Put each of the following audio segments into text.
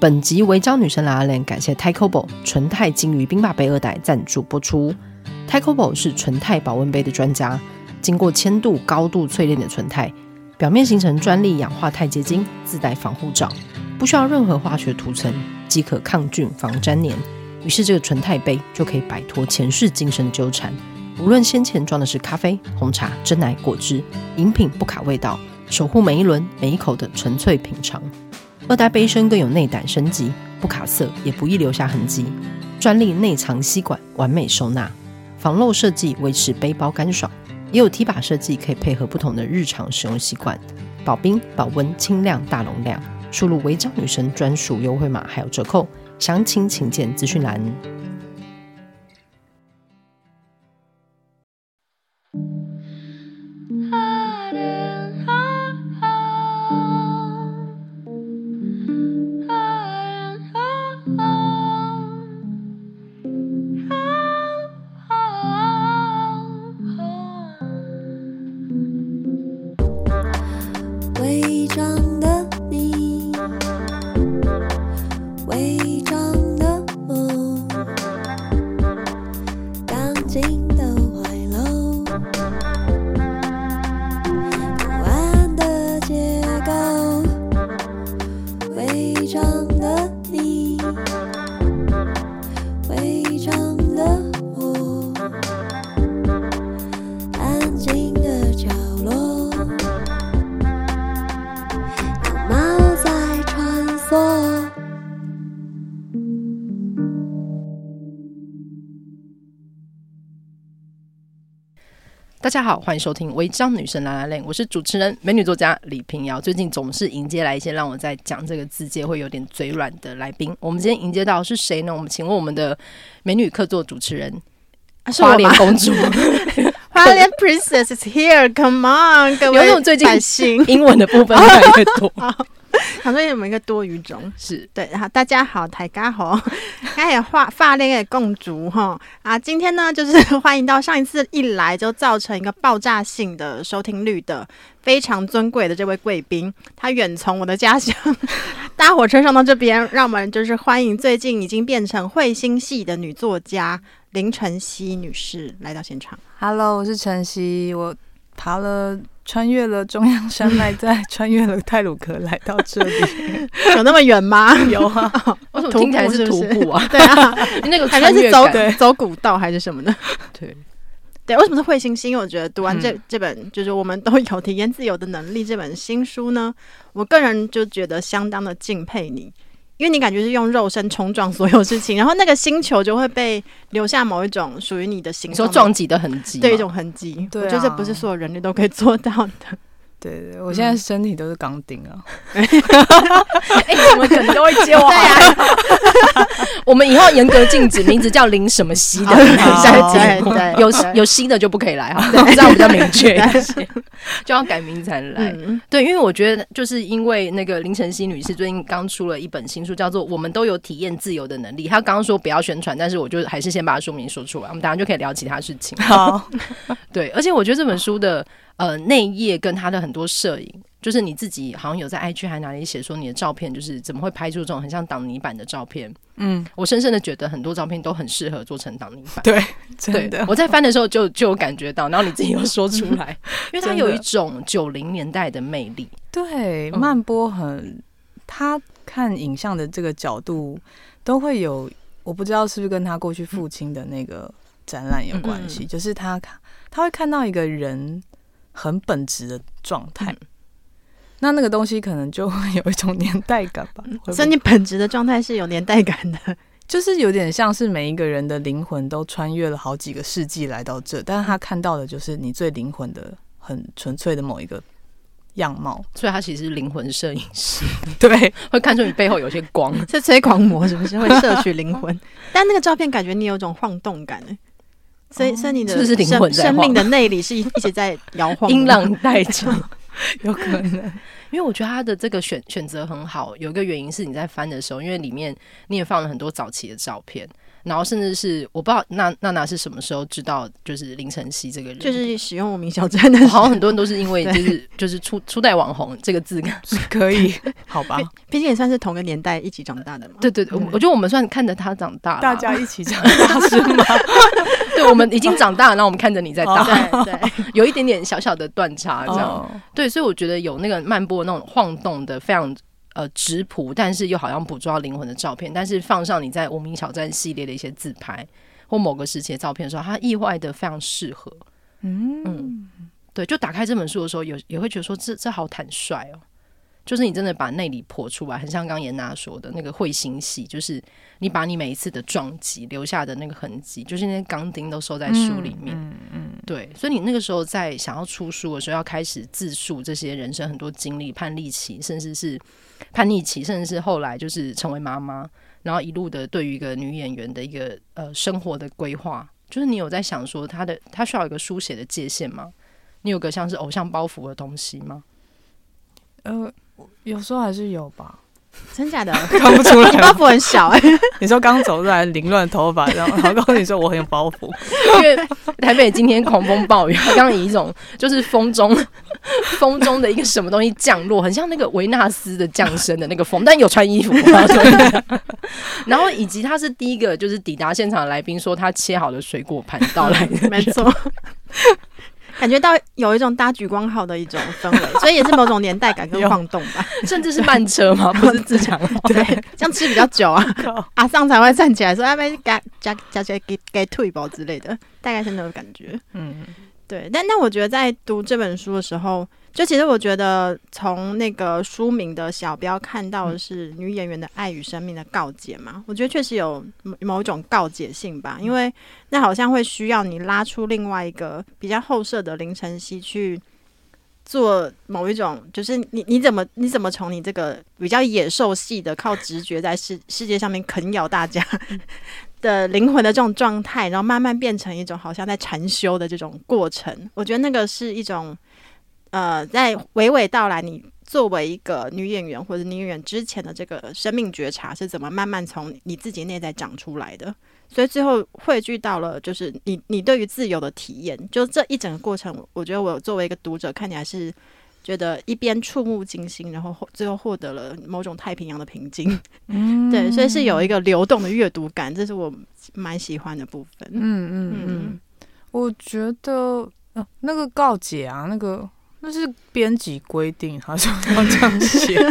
本集違章女生 lalaLand 感謝 TiKOBO 純鈦鯨魚冰霸杯二代贊助播出。TiKOBO 是純鈦保溫杯的專家，經過千度高度淬煉的純鈦，表面形成專利氧化鈦結晶，自帶防護罩，不需要任何化學塗層即可抗菌防沾黏。於是這個純鈦杯就可以擺脫前世今生糾纏，無論先前裝的是咖啡、紅茶、珍奶、果汁、飲品，不卡味道，守護每一輪每一口的純粹品嘗。二代杯身更有內膽升級，不卡色也不易留下痕跡，專利內藏吸管完美收納，防漏設計維持背包乾爽，也有提把設計可以配合不同的日常使用習慣，保冰保溫輕量大容量，輸入“違章女生專屬優惠碼”還有折扣，詳情請見資訊欄。大家好，歡迎收聽我一《違章女生 lalaLand，我是主持人美女作家李屏瑤。最近總是迎接來一些讓我在講這個字界會有點嘴軟的來賓。我們今天迎接到是誰呢？我們請問我們的美女客座主持人，啊，是我花蓮公主， 花蓮 Princess is here，Come on， 有那種最近英文的部分越來越多。 他說：“我們一個多餘種是對。”然後大家好，台家好，他也畫發鏈也共足哈啊！今天呢，就是歡迎到上一次一來就造成一個爆炸性的收聽率的非常尊貴的這位貴賓，他遠從我的家鄉搭火車上到這邊，讓我們就是歡迎最近已經變成彗星系的女作家林辰唏女士來到現場。Hello，我是辰唏，我。爬了，穿越了中央山脈， 再穿越了太魯閣， 來到這裡， 有那麼遠嗎？有啊，徒步還是徒步啊？ 對啊， 那個好像是走走古道還是什麼的。對對，為什麼是彗星？因為我覺得讀完這、嗯、這本就是我們都有體驗自由的能力這本新書呢，我個人就覺得相當的敬佩你。因為你感覺是用肉身衝撞所有事情，然後那個星球就會被留下某一種屬於你的形狀，說撞擊的痕跡，對一種痕跡，對、啊，就是不是所有人類都可以做到的。對對、對，我現在身體都是鋼釘啊！哎、 欸，你們怎麼可能都會接我、啊 我們以後嚴格禁止 名字叫林什麼西的， 下一次 有有西的就不可以來哈，這樣比較明確一些， 就要改名字才來，嗯。對，因為我覺得就是因為那個林辰唏女士最近剛出了一本新書，叫做《我們都有體驗自由的能力》。她剛剛說不要宣傳，但是我就還是先把她說明說出來，我們等下就可以聊其他事情。好， 對，而且我覺得這本書的。呃，那一頁跟他的很多攝影，就是你自己好像有在 IG 還哪裡寫說你的照片，就是怎麼會拍出這種很像擋泥板的照片？嗯，我深深的覺得很多照片都很適合做成擋泥板。對，對的。我在翻的時候就就有感覺到，然後你自己又說出來，嗯、因為他有一種九零年代的魅力。對、嗯，曼波很，他看影像的這個角度都會有，我不知道是不是跟他過去父親的那個展覽有關係、嗯，就是他看他會看到一個人很本質的狀態，嗯，那那個東西可能就會有一種年代感吧。所以你本質的狀態是有年代感的， 就是有點像是每一個人的靈魂都穿越了好幾個世紀來到這，但是他看到的就是你最靈魂的、很純粹的某一個樣貌。所以他其實是靈魂攝影師， 對，會看出你背後有些光。是 催狂魔是不是？會攝取靈魂？但那個照片感覺你有種晃動感，欸所以，所以你的是不是靈魂生，生命的內裡是一一直在搖晃，音浪帶着，有可能，因為我覺得他的這個選選擇很好，有一個原因是你在翻的時候，因為裡面你也放了很多早期的照片，然後甚至是我不知道娜娜娜是什麼時候知道就是林辰唏這個人，就是使用無名小站的， 好像很多人都是因為就是就是初初代網紅這個字是可以 好吧，畢竟也算是同個年代一起長大的嘛，對對，對，對我覺得我們算看着他長大、啊、大家一起長大是嗎？ 對，我們已經長大了，然後我們看着你在打、oh.，對，有一點點小小的斷差，這樣、oh. 對，所以我覺得有那個曼波那種晃動的，非常呃質樸，但是又好像捕捉到靈魂的照片，但是放上你在《無名小站》系列的一些自拍或某個時期的照片的時候，它意外的非常適合，mm. 嗯，對，就打開這本書的時候，有也會覺得說這這好坦率哦。就是你真的把內裡剖出來，很像剛顏訥說的那個彗星系，就是你把你每一次的撞擊留下的那個痕跡，就是那些鋼釘都收在書裡面。嗯嗯，對。所以你那個時候在想要出書的時候，要開始自述這些人生很多經歷、叛逆期，甚至是叛逆期，甚至是後來就是成為媽媽，然後一路的對於一個女演員的一個呃生活的規劃，就是你有在想說她的她需要一個書寫的界限嗎？你有個像是偶像包袱的東西嗎？呃。有時候還是有吧，真假的，啊、看不出來。包袱很小哎，你說剛走出來凌亂頭髮這樣，然後跟你說我很有包袱，因為台北今天狂風暴雨，剛以一種就是風中風中的一個什麼東西降落，很像那個維納斯的降生的那個風，但有穿衣服。 然後以及他是第一個就是抵達現場的來賓，說他切好的水果盤到來，沒錯。感覺到有一種搭莒光號的一種氛圍， 所以也是某種年代感跟晃動吧，甚至是慢車嘛，不是自強號 對，這 樣吃比較久啊， 阿桑才會站起來說，要不要加加加起來給給退保之類的，大概是那種感覺，嗯，對，但但我覺得在讀這本書的時候。就其實，我覺得從那個書名的小標看到的是女演員的愛與生命的告解嘛，嗯、我覺得確實有某一種告解性吧、嗯，因為那好像會需要你拉出另外一個比較後設的林辰唏去做某一種，就是你你怎麼你怎麼從你這個比較野獸系的靠直覺在世 世界上面啃咬大家的靈魂的這種狀態，然後慢慢變成一種好像在禪修的這種過程，我覺得那個是一種。呃，在娓娓道來，你作為一個女演員或者女演員之前的這個生命覺察是怎麼慢慢從你自己內在長出來的？所以最後匯聚到了，就是你你對於自由的體驗，就這一整個過程，我覺得我作為一個讀者看起來是覺得一邊觸目驚心，然後，後最後獲得了某種太平洋的平靜。嗯， 對，所以是有一個流動的閱讀感，這是我蠻喜歡的部分。嗯嗯嗯，我覺得，啊，那個告解啊，那個。那是編輯規定，他要這樣寫。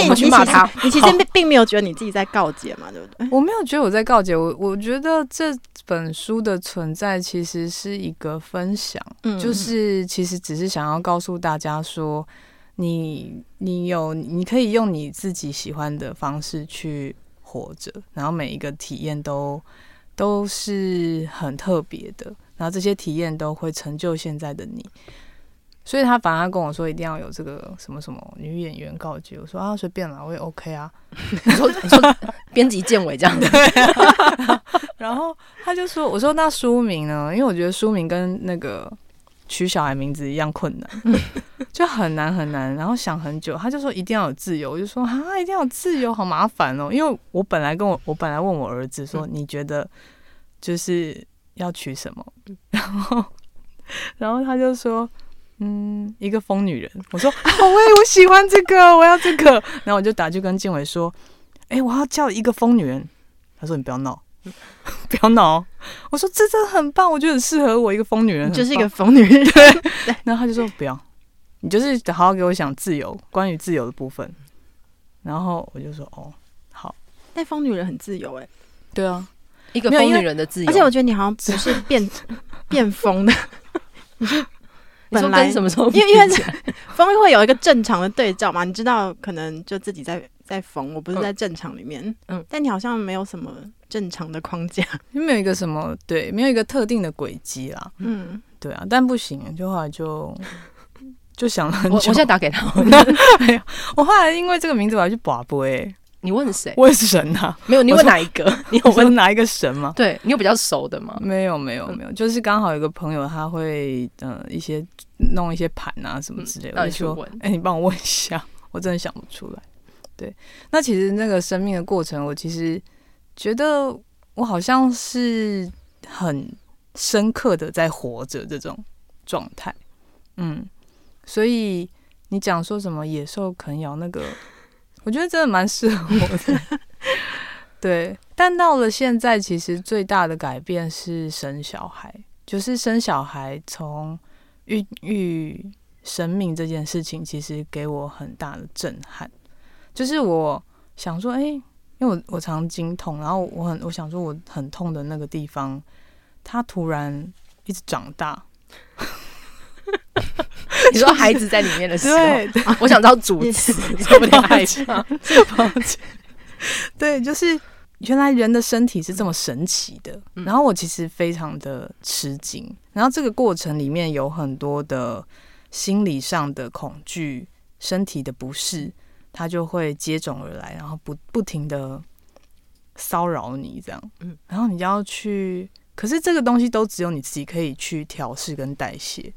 你去罵他？你其實並沒有覺得你自己在告解嘛，對不對？我沒有覺得我在告解我，我覺得這本書的存在其實是一個分享，嗯、就是其實只是想要告訴大家說，你你有你可以用你自己喜歡的方式去活着，然後每一個體驗都都是很特別的，然後這些體驗都會成就現在的你。所以他反正跟我說，一定要有這個什麼什麼女演員告解。我說啊隨便啦，我也 OK 啊， 說說編輯建委這樣子， 對啊、 然後他就說，我說那書名呢？因為我覺得書名跟那個取小孩名字一樣困難， 就很難很難。然後想很久，他就說一定要有自由，我就說啊一定要有自由，好麻煩哦。因為我本來跟我我本來問我兒子說你覺得就是要取什麼，嗯、 然後然後他就說。嗯，一個瘋女人。我說：“好、哦、哎、欸，我喜歡這個， 我要這個。”然後我就打，就跟建偉說：“哎、欸，我要叫一個瘋女人。”他說：“你不要鬧， 不要鬧、哦。”我說：“這真的很棒，我覺得很適合我，一個瘋女人就是一個瘋女人。” 對。然後他就說：“不要，你就是好好給我想自由，關於自由的部分。”然後我就說：“哦，好。”那瘋女人很自由哎、欸。對啊，一個瘋女人的自由。而且我覺得你好像不是變是變瘋的，你 本來什麼時候？因為因為縫會有一個正常的對照嘛， 你知道，可能就自己在在縫，我不是在正常裡面。嗯，但你好像沒有什麼正常的框架，因為沒有一個什麼對，沒有一個特定的軌跡啦。嗯，對啊，但不行，就後來就就想了很久我。我現在打給他。我，就是、 我後來因為這個名字，我還要去把播誒。你問誰？問神啊？沒有，你問哪一個？你有問哪一個神嗎？ 對，你有比較熟的嗎？沒有，沒有，嗯、沒有。就是剛好有個朋友，他會嗯、呃，一些弄一些盤啊什麼之類的，嗯、去問哎、欸，你幫我問一下，我真的想不出來。對，那其實那個生命的過程，我其實覺得我好像是很深刻的在活着這種狀態。嗯，所以你講說什麼野獸啃咬那個？我覺得真的蠻適合我的， 對。但到了現在，其實最大的改變是生小孩，就是生小孩從孕育生命這件事情，其實給我很大的震撼。就是我想說，哎、欸，因為我我常經痛，然後我很我想說我很痛的那個地方，它突然一直長大。 你說孩子在裡面的時候，就是啊、 我想到主持 說不定還情， 對，就是原來人的身體是這麼神奇的。嗯、然後我其實非常的吃驚。然後這個過程裡面有很多的心理上的恐懼、身體的不適，它就會接踵而來，然後不不停的騷擾你，這樣。然後你要去，可是這個東西都只有你自己可以去調試跟代謝。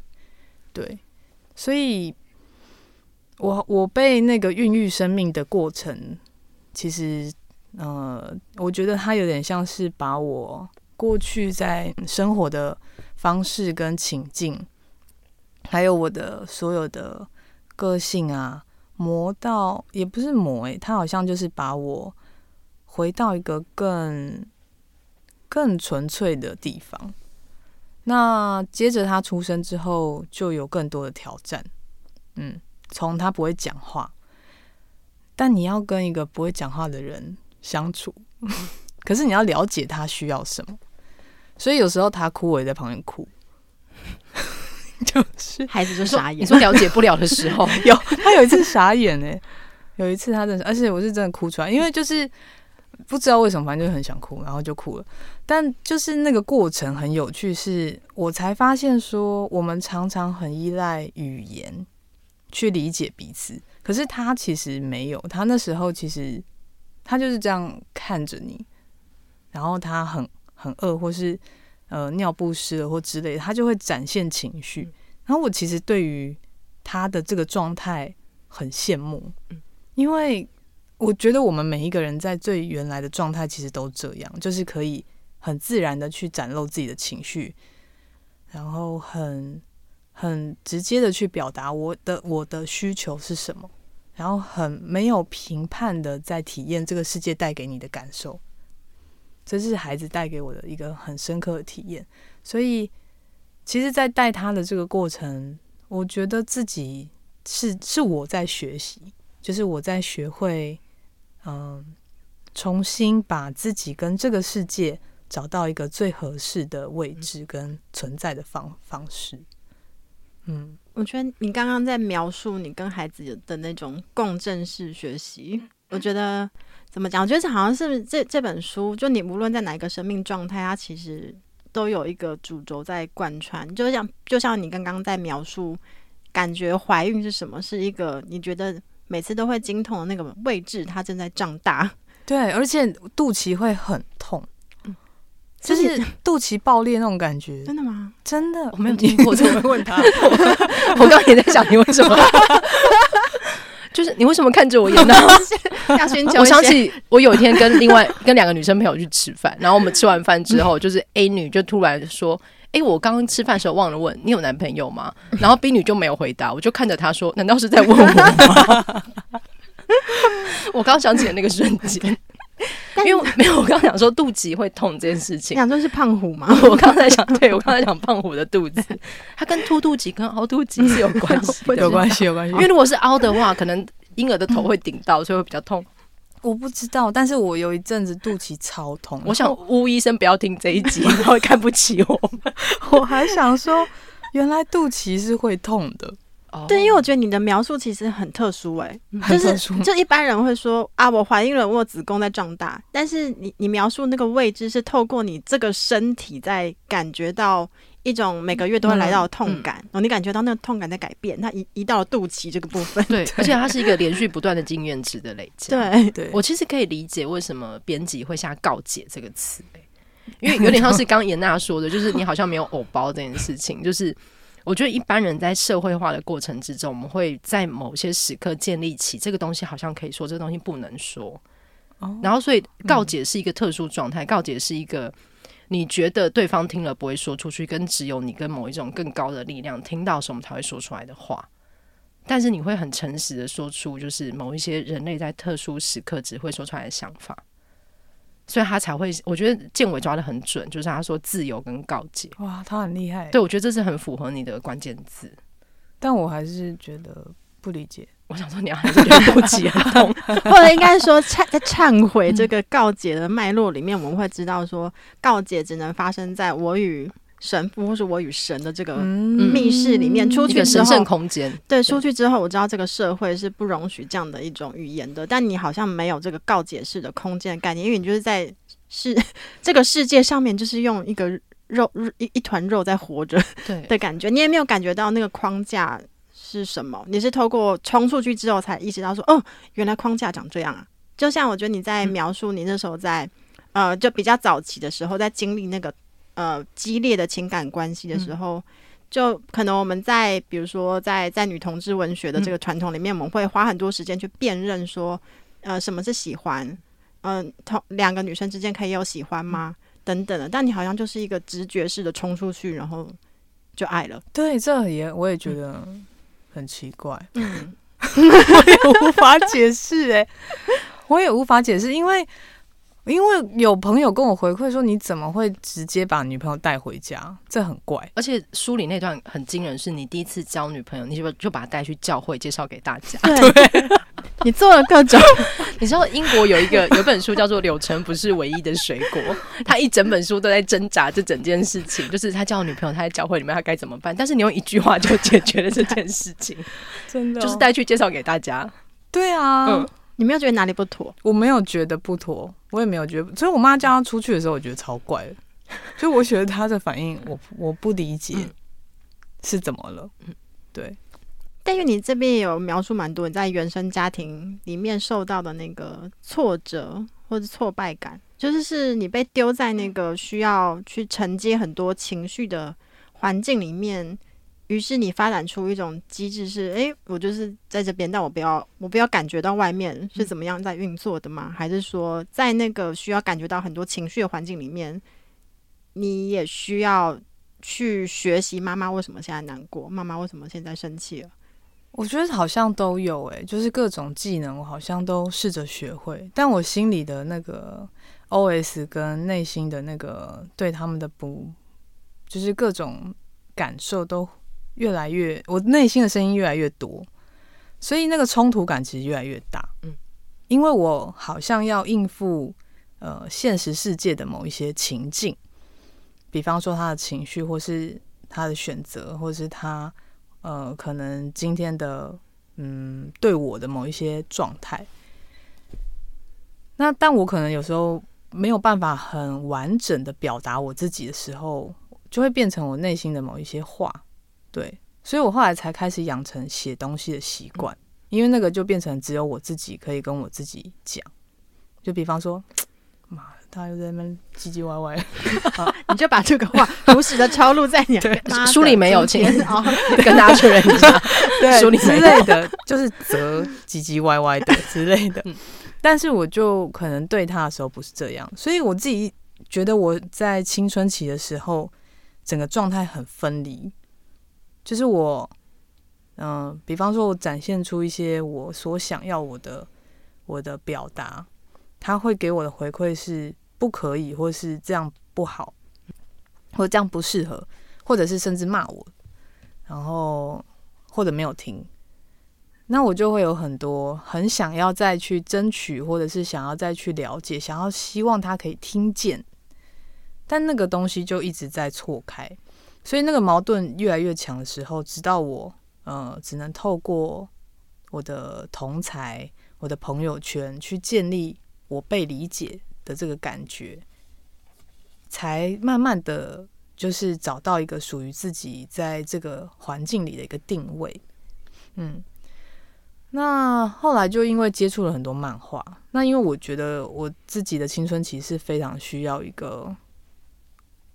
對，所以我，我我被那個孕育生命的過程，其實，呃，我覺得它有點像是把我過去在生活的方式跟情境，還有我的所有的個性啊，磨到，也不是磨，欸，誒，它好像就是把我回到一個更更純粹的地方。那接着他出生之後，就有更多的挑戰。嗯，從他不會講話，但你要跟一個不會講話的人相處，可是你要了解他需要什麼。所以有時候他哭，我也在旁邊哭。就是孩子就傻眼，你說了解不了的時候， 有，他有一次傻眼哎、欸，有一次他真的，而且我是真的哭出來，因為就是。不知道為什麼，反正就很想哭，然後就哭了。但就是那個過程很有趣是，是我才發現說，我們常常很依賴語言去理解彼此。可是他其實沒有，他那時候其實他就是這樣看着你，然後他很很餓，或是呃尿布濕了或之類的，他就會展現情緒。然後我其實對於他的這個狀態很羨慕，因為。我覺得我們每一個人在最原來的狀態，其實都這樣，就是可以很自然的去展露自己的情緒，然後很很直接的去表達我的我的需求是什麼，然後很沒有評判的在體驗這個世界帶給你的感受。這是孩子帶給我的一個很深刻的體驗，所以其實，在帶他的這個過程，我覺得自己是是我在學習，就是我在學會。嗯，重新把自己跟這個世界找到一個最合適的位置跟存在的方方式。嗯，我覺得你剛剛在描述你跟孩子的那種共振式學習，我覺得怎麼講？我覺得好像是這這本書，就你無論在哪一個生命狀態，它其實都有一個主軸在貫穿。就像就像你剛剛在描述，感覺懷孕是什麼？是一個你覺得。每次都會經痛的那個位置，它正在脹大。對，而且肚臍會很痛，嗯，就是肚臍爆裂那種感覺。真的嗎？真的，我沒有聽過。 我剛剛也在想，你為什麼？就是你為什麼看着我演然 我想起 我有一天跟另外跟兩個女生朋友去吃飯，然後我們吃完飯之後， 就是 A 女就突然說。哎、欸，我剛剛吃飯的時候忘了問你有男朋友嗎？然後冰女就沒有回答，我就看着她說：“難道是在問我嗎？” 我剛想起那個瞬間，因為沒有我剛剛想說肚臍會痛這件事情，想說是胖虎嗎？我剛才想，對我剛才講胖虎的肚子，它跟凸肚臍跟凹肚臍是有關係，有關係，有關係。因為如果是凹的話，可能嬰兒的頭會頂到，所以會比較痛。我不知道，但是我有一陣子肚臍超痛，我想吳醫生不要聽這一集，他 會看不起我。 我還想說，原來肚臍是會痛的。哦、oh.，對，因為我覺得你的描述其實很特殊、欸，哎，就是就一般人會說啊，我懷孕了，我子宮在壯大。但是你你描述那個位置是透過你這個身體在感覺到。一種每個月都會來到痛感，後、嗯嗯哦、你感覺到那個痛感在改變，它移移到了肚臍這個部分對。對，而且它是一個連續不斷的經驗值的累積。對，對，我其實可以理解為什麼編輯會下“告解”這個詞、欸，因為有點像是剛剛顏訥說的， 就是你好像沒有偶包這件事情。就是我覺得一般人在社會化的過程之中，我們會在某些時刻建立起這個東西，好像可以說，這個東西不能說。哦，然後所以告解是一個特殊狀態、嗯，告解是一個。你覺得對方聽了不會說出去，跟只有你跟某一種更高的力量聽到什麼才會說出來的話，但是你會很誠實的說出，就是某一些人類在特殊時刻只會說出來的想法，所以他才會，我覺得建偉抓得很準，就是他說自由跟告解。哇，他很厲害，對，我覺得這是很符合你的關鍵字，但我還是覺得不理解。 我想說，你還是對不起啊，痛。或者應該說，懺在懺悔這個告解的脈絡裡面，我們會知道說，告解只能發生在我與神父，或是我與神的這個密室裡面。嗯、出去一個神聖空間。對，出去之後，我知道這個社會是不容許這樣的一種語言的。但你好像沒有這個告解式的空間的概念，因為你就是在是這個世界上面，就是用一個肉一一團肉在活着的感覺，對。你也沒有感覺到那個框架。是什麼？你是透過衝出去之後才意識到說，哦，原來框架長這樣啊！就像我覺得你在描述你那時候在，在、嗯、呃，就比較早期的時候，在經歷那個呃激烈的情感關係的時候、嗯，就可能我們在比如說在在女同志文學的這個傳統裡面、嗯，我們會花很多時間去辨認說，呃，什麼是喜歡？嗯、呃，同兩個女生之間可以有喜歡嗎、嗯？等等的。但你好像就是一個直覺式的衝出去，然後就愛了。對，這也我也覺得。嗯很奇怪，嗯， 我也無法解釋欸， 我也無法解釋，因為。因為有朋友跟我回饋說，你怎麼會直接把女朋友帶回家？這很怪。而且書裡那段很驚人，是你第一次交女朋友，你是不是就把她帶去教會介紹給大家？對，對 你做了各種。 你知道英國有一個有本書叫做《柳橙不是唯一的水果》，他一整本書都在掙扎這整件事情，就是他交女朋友，他在教會裡面他該怎麼辦。但是你用一句話就解決了這件事情，真的，哦，就是帶去介紹給大家。對啊。嗯你沒有覺得哪裡不妥？我沒有覺得不妥，我也沒有覺得。所以，我媽叫他出去的時候，我覺得超怪的。所以，我覺得他的反應我，我我不理解是怎麼了。嗯，對。但是你這邊有描述蠻多你在原生家庭裡面受到的那個挫折或者挫敗感，就是是你被丟在那個需要去承接很多情緒的環境裡面。於是你發展出一種機制是，是誒。我就是在這邊，但我不要，我不要感覺到外面是怎麼樣在運作的嗎？嗯、還是說，在那個需要感覺到很多情緒的環境裡面，你也需要去學習媽媽為什麼現在難過，媽媽為什麼現在生氣了？我覺得好像都有、欸，誒，就是各種技能，我好像都試着學會，但我心裡的那個 OS 跟內心的那個對他們的不，就是各種感受都。越來越，我內心的聲音越來越多，所以那個衝突感其實越來越大。嗯，因為我好像要應付呃現實世界的某一些情境，比方說他的情緒，或是他的選擇，或是他呃可能今天的嗯對我的某一些狀態。那但我可能有時候沒有辦法很完整的表達我自己的時候，就會變成我內心的某一些話。對，所以我後來才開始養成寫東西的習慣、嗯，因為那個就變成只有我自己可以跟我自己講。就比方說，媽的，他又在那邊唧唧歪歪、 啊，你就把這個話如實的抄錄在你的書裡沒有？請跟大家確認一下， 對， 書裡沒有之類的，就是則唧唧歪歪的之類的、 嗯。但是我就可能對他的時候不是這樣，所以我自己覺得我在青春期的時候，整個狀態很分離。就是我，嗯、呃，比方說，我展現出一些我所想要我的我的表達，他會給我的回饋是不可以，或是這樣不好，或這樣不適合，或者是甚至罵我，然後或者沒有聽，那我就會有很多很想要再去爭取，或者是想要再去了解，想要希望他可以聽見，但那個東西就一直在錯開。所以那個矛盾越來越強的時候，直到我呃，只能透過我的同儕、我的朋友圈去建立我被理解的這個感覺，才慢慢的就是找到一個屬於自己在這個環境裡的一個定位。嗯，那後來就因為接觸了很多漫畫，那因為我覺得我自己的青春期是非常需要一個。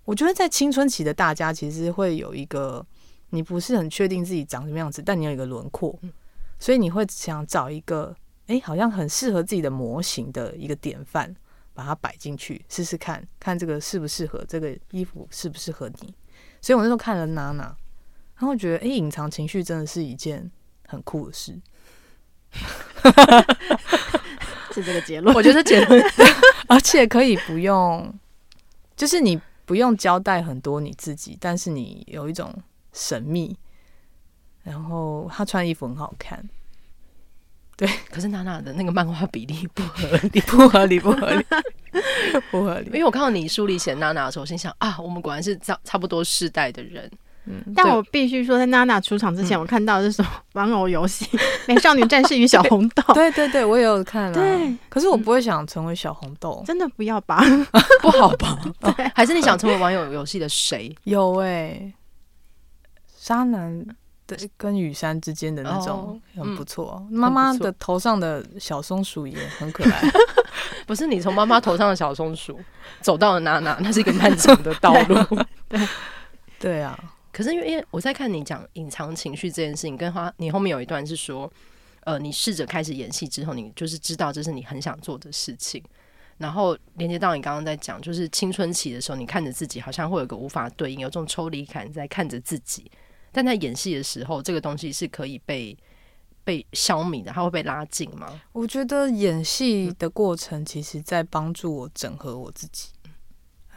我覺得在青春期的大家，其實會有一個你不是很確定自己長什麼樣子，但你有一個輪廓，所以你會想找一個哎、欸，好像很適合自己的模型的一個典範，把它擺進去試試看看這個適不適合，這個衣服適不適合你。所以我那時候看了娜娜，然後覺得哎，隱藏情緒真的是一件很酷的事。 是這個結論，我覺得結論，而且可以不用，就是你。不用交代很多你自己，但是你有一種神秘，然後他穿衣服很好看，對。可是娜娜的那個漫畫比例不合理, 不合理，不合理，不合理， 不合理。因為我看到你書裡寫娜娜的時候，心想啊，我們果然是差差不多世代的人。但我必須說，在娜娜出場之前，我看到的是什麼玩偶遊戲、《美少女戰士》與小紅豆。 對，對對對，我也有看，啊。對，可是我不會想成為小紅豆，真的不要吧？不好吧， 不好吧，對。哦？還是你想成為玩偶遊戲的誰？有喂，欸，沙男對跟雨山之間的那種，哦，很不錯。媽，嗯，媽的頭上的小松鼠也很可愛。 不是你從媽媽頭上的小松鼠 走到了娜娜，那是一個漫長的道路 對對。對，對啊。可是因為我在看你講隱藏情緒這件事情，跟花你後面有一段是說，呃，你試着開始演戲之後，你就是知道這是你很想做的事情，然後連接到你剛剛在講，就是青春期的時候，你看着自己好像會有個無法對應，有種抽離感在看着自己，但在演戲的時候，這個東西是可以被被消弭的，它會被拉近嗎？我覺得演戲的過程，其實在幫助我整合我自己，嗯、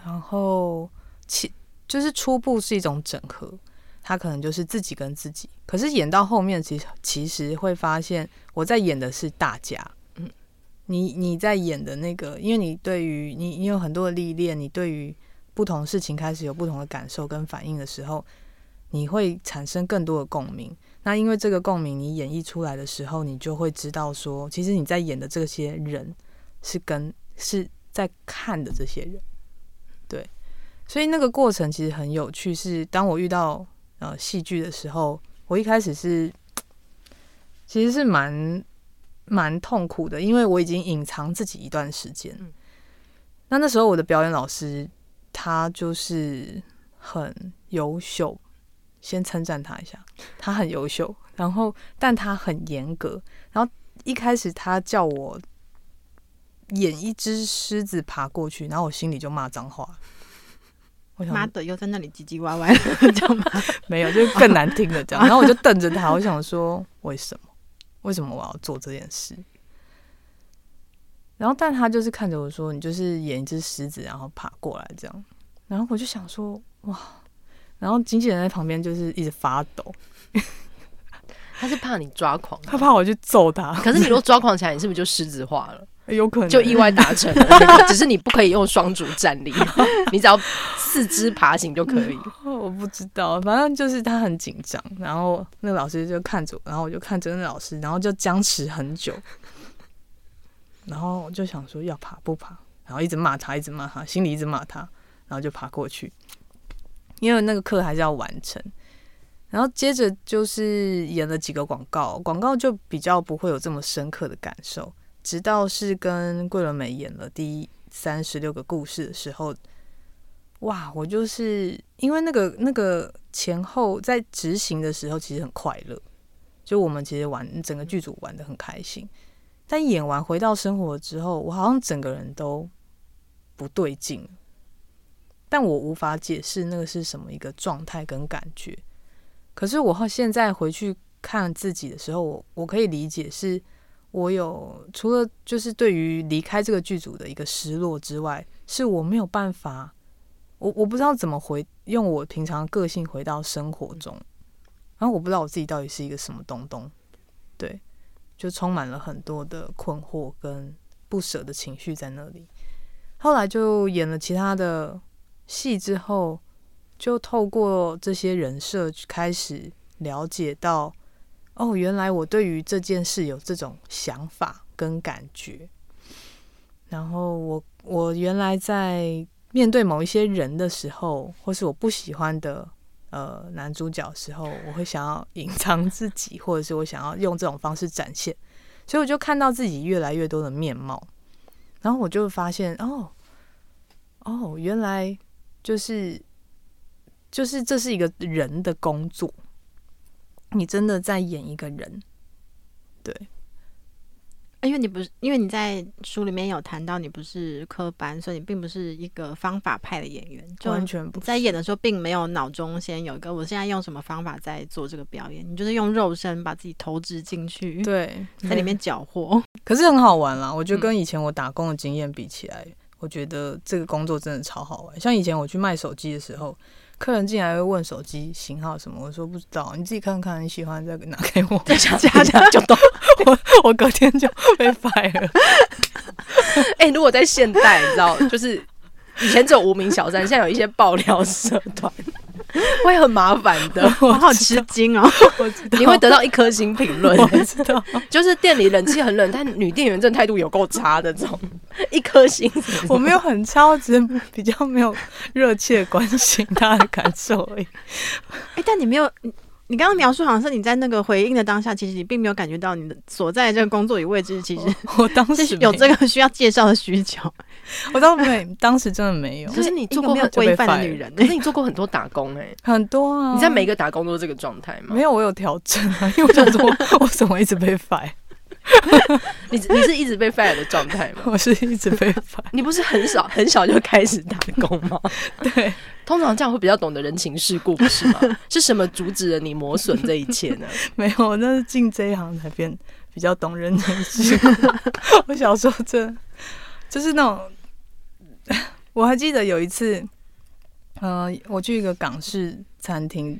然後其。就是初步是一種整合，他可能就是自己跟自己。可是演到後面其，其實其實會發現，我在演的是大家。嗯，你你在演的那個，因為你對於你你有很多的歷練，你對於不同事情開始有不同的感受跟反應的時候，你會產生更多的共鳴。那因為這個共鳴，你演繹出來的時候，你就會知道說，其實你在演的這些人是跟是在看的這些人。所以那個過程其實很有趣，是當我遇到呃戲劇的時候，我一開始是其實是蠻蠻痛苦的，因為我已經隱藏自己一段時間。那那時候我的表演老師他就是很優秀，先稱讚他一下，他很優秀，然後但他很嚴格。然後一開始他叫我演一隻獅子爬過去，然後我心裡就罵髒話。媽的，Mother、又在那裡唧唧歪歪的，知道嗎？沒有，就是更難聽了這樣。Oh. 然後我就瞪着他，我想說為什麼？ 為什麼我要做這件事？然後，但他就是看着我說：“你就是演一隻獅子，然後爬過來這樣。”然後我就想說：“哇！”然後經紀人在旁邊就是一直發抖， 他是怕你抓狂？啊，他怕我去揍他。可是你如果抓狂起來，是你是不是就獅子化了？欸、有可能就意外達成了， 只是你不可以用雙足站立， 你只要四肢爬行就可以、嗯。我不知道，反正就是他很緊張，然後那個老師就看着我，然後我就看着那個老師，然後就僵持很久，然後我就想說要爬不爬，然後一直罵他，一直罵他，心裡一直罵他，然後就爬過去，因為那個課還是要完成。然後接着就是演了幾個廣告，廣告就比較不會有這麼深刻的感受。直到是跟桂綸鎂演了第三十六個故事的時候，哇！我就是因為那個那個前後在執行的時候，其實很快樂，就我們其實玩整個劇組玩得很開心。但演完回到生活之後，我好像整個人都不對勁，但我無法解釋那個是什麼一個狀態跟感覺。可是我現在回去看自己的時候，我我可以理解是。我有除了就是對於離開這個劇組的一個失落之外，是我沒有辦法，我我不知道怎麼回用我平常個性回到生活中，然後我不知道我自己到底是一個什麼東東，對，就充滿了很多的困惑跟不捨的情緒在那裡。後來就演了其他的戲之後，就透過這些人設開始了解到。哦，原來我對於這件事有這種想法跟感覺。然後我我原來在面對某一些人的時候，或是我不喜歡的呃男主角時候，我會想要隱藏自己， 或者是我想要用這種方式展現。所以我就看到自己越來越多的面貌，然後我就發現，哦哦，原來就是就是這是一個人的工作。你真的在演一個人，對。因為你不是，因為你在書裡面有談到，你不是科班，所以你並不是一個方法派的演員，就完全不在演的時候，並沒有腦中先有一個我現在用什麼方法在做這個表演，你就是用肉身把自己投擲進去，對，在裡面攪和。 可是很好玩啦，我覺得跟以前我打工的經驗比起來，嗯，我覺得這個工作真的超好玩。像以前我去賣手機的時候。客人進來會問手機型號什麼？我說不知道，你自己看看，你喜歡再拿給我。加加就都 我我隔天就被賣了。哎、 欸，如果在現代，你知道，就是。以前只有無名小站， 現在有一些爆料社團， 會很麻煩的。我好，好吃驚哦、喔。 你會得到一顆星評論，我知道。 就是店裡冷氣很冷， 但女店員這態度有夠差的這種，一顆星。我沒有很超級，比較沒有熱切關心他的感受而已。哎、 欸，但你沒有，你你剛剛描述好像是你在那個回應的當下，其實你並沒有感覺到你的所在的這個工作與位置，其實我當時有這個需要介紹的需求。我倒不會，當時真的沒有。可是你做過沒有規範的女人，可是你做過很多打工哎、欸，很多啊！你在每一個打工都這個狀態嗎？沒有，我有調整啊。因為我想說，我怎麼一直被 fire？ 你你是一直被 fire 的狀態嗎？我是一直被 fire。 你不是很少很小就開始打工嗎？ 對，通常這樣會比較懂得人情世故，不是嗎？ 是什麼阻止了你磨損這一切呢？ 沒有，我那是進這一行才變比較懂人情世故。 我小時候真。就是那種，我還記得有一次，呃，我去一個港式餐廳，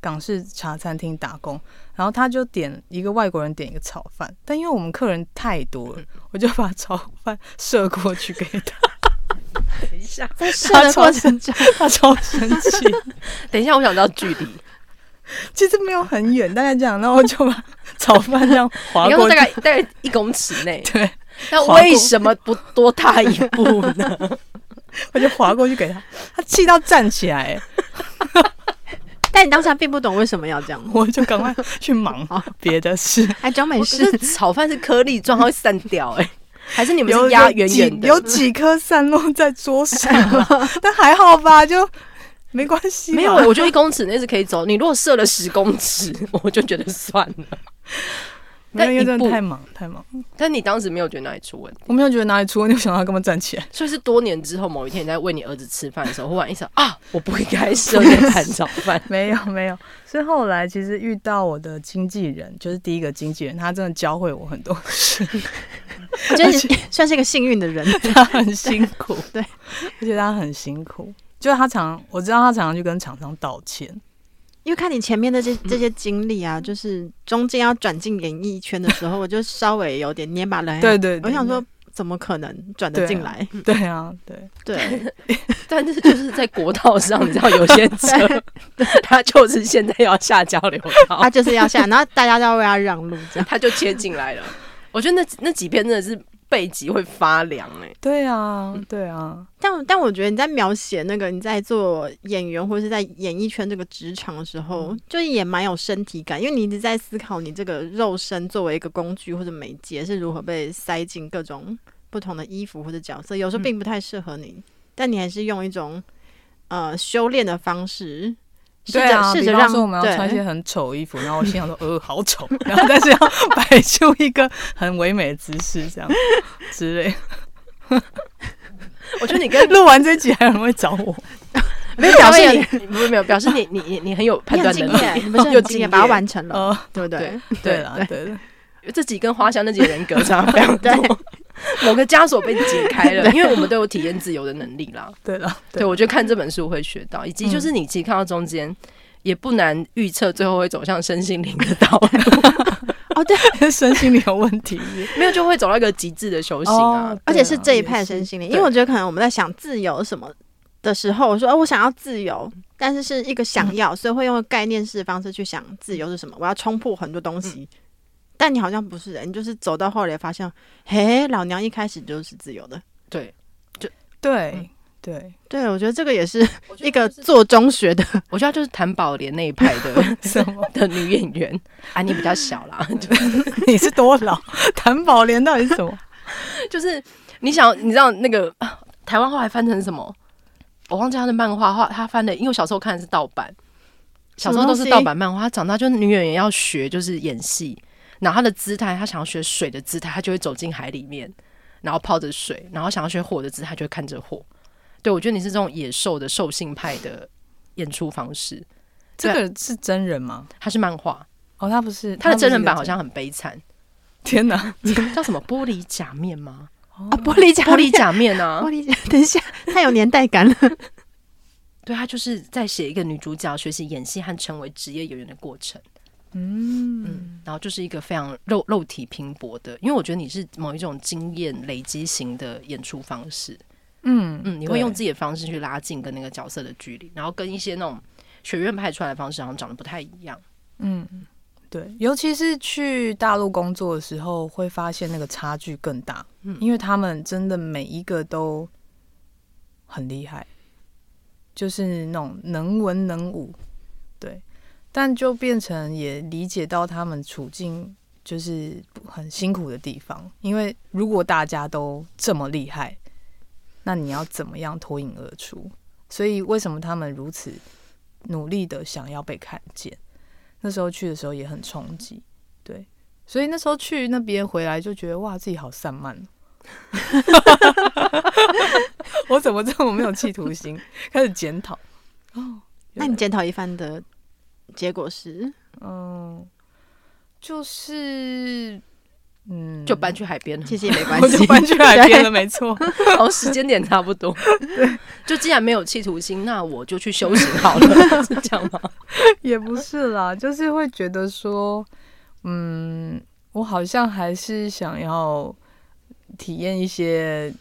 港式茶餐廳打工，然後他就點一個外國人點一個炒飯，但因為我們客人太多了，我就把炒飯射過去給他。 等一下，他超神，他超神奇。 等一下，我想知道距離，其實沒有很遠，大概這樣，然後我就把炒飯這樣劃過去， 大概大概一公尺內。對。那為什麼不多踏一步呢？我就滑過去給他，他氣到站起來、欸。但你當時還並不懂為什麼要這樣，我就趕快去忙啊別的事、啊。哎，講美是炒飯是顆粒狀，會散掉哎、欸，還是你們壓遠遠的有？有幾顆散落在桌上， 但還好吧，就沒關係。沒有，我就一公尺那是可以走，你如果射了十公尺，我就覺得算了 那因為真的太忙太忙，但你當時沒有覺得哪裡出問題？我沒有覺得哪裡出問題，我想要怎麼站起來。所以是多年之後某一天你在餵你兒子吃飯的時候，我 忽然一想啊，我不會開始做蛋炒飯。 沒有沒有，所以後來其實遇到我的經紀人，就是第一個經紀人，他真的教會我很多事。就 是算是一個幸運的人， 他很辛苦， 對而苦， 對而且他很辛苦，就是他常我知道他常常去跟廠商道歉。因為看你前面的這這些經歷啊、嗯，就是中間要轉進演藝圈的時候、嗯，我就稍微有點蔫巴了。對，對對，我想說，怎麼可能轉得進來？對啊，嗯、對啊對。對 但是就是在國道上， 你知道有些車， 他就是現在要下交流道， 他就是要下，然後大家都要為他讓路，這樣他就切進來了。我覺得那那幾篇真的是。背脊會發涼哎、欸，對啊，對啊。嗯、但但我覺得你在描寫那個你在做演員或者是在演藝圈這個職場的時候，嗯、就也蠻有身體感，因為你一直在思考你這個肉身作為一個工具或者媒介是如何被塞進各種不同的衣服或者角色，有時候並不太適合你、嗯，但你還是用一種呃修煉的方式。對啊，試着試着讓，比方說我們要穿一些很醜的衣服，然後我心想說，呃，好醜，然後但是要擺出一個很唯美的姿勢，這樣之類的。 我覺得你跟錄 完這集還有人會找我， 沒有，沒有表示你，不沒有表示你，你你很有判斷力，有經驗把它完成了、 呃，對不對？對了，對了，自己跟花香那幾個人格這樣對樣 對 某個枷鎖被解開了，因為我們都有體驗自由的能力啦。 對了，對了、對了、對，我覺得看這本書會學到，以及就是你其實看到中間、嗯、也不難預測，最後會走向身心靈的道路。 哦，對， 身心靈有問題，沒有就會走到一個極致的修行啊、哦，而且是這一派身心靈。因為我覺得可能我們在想自由什麼的時候，我說、哦、我想要自由，但是是一個想要、嗯，所以會用概念式的方式去想自由是什麼，我要衝破很多東西。嗯但你好像不是人、欸，你就是走到後來發現，嘿，嘿，老娘一開始就是自由的，對，就對、嗯、對對，我覺得這個也是一個做中學的，我覺得就是譚寶蓮那一派的 什麼的女演員，啊，你比較小啦， 就是、你是多老？譚寶蓮到底是什麼？ 就是你想，你知道那個台灣後來翻成什麼？我忘記他的漫畫他翻的，因為小時候看的是盜版，小時候都是盜版漫畫，長大就女演員要學，就是演戲。然後他的姿態，他想要學水的姿態，他就會走進海裡面，然後泡着水；然後想要學火的姿態，他就會看着火。對，我覺得你是這種野獸的獸性派的演出方式。啊、這個是真人嗎？他是漫畫哦，他不是，他，不是他的真人版，好像很悲慘。天哪， 叫什麼玻璃假面嗎？啊，玻璃假面，玻璃假面啊，玻璃假。等一下，太有年代感了。 對，他就是在寫一個女主角學習演戲和成為職業演員的過程。嗯，然後就是一個非常肉肉體拼搏的，因為我覺得你是某一種經驗累積型的演出方式，嗯嗯，你會用自己的方式去拉近跟那個角色的距離，然後跟一些那種學院派出來的方式好像長得不太一樣，嗯，對，尤其是去大陸工作的時候，會發現那個差距更大，嗯，因為他們真的每一個都很厲害，就是那種能文能武。但就變成也理解到他們處境，就是很辛苦的地方，因為如果大家都這麼厲害，那你要怎麼樣脫穎而出？所以為什麼他們如此努力的想要被看見？那時候去的時候也很衝擊，對，所以那時候去那邊回來就覺得哇，自己好散漫喔。 我怎麼這麼沒有企圖心？開始檢討。哦，那你檢討一番的。結果是，嗯，就是，嗯，就搬去海邊了。其實也沒關係， 我就搬去海邊了，沒錯。然 後、哦、時間點差不多。對，就既然沒有企圖心，那我就去修行好了， 是這樣嗎？ 也不是啦，就是會覺得說，嗯，我好像還是想要體驗一些，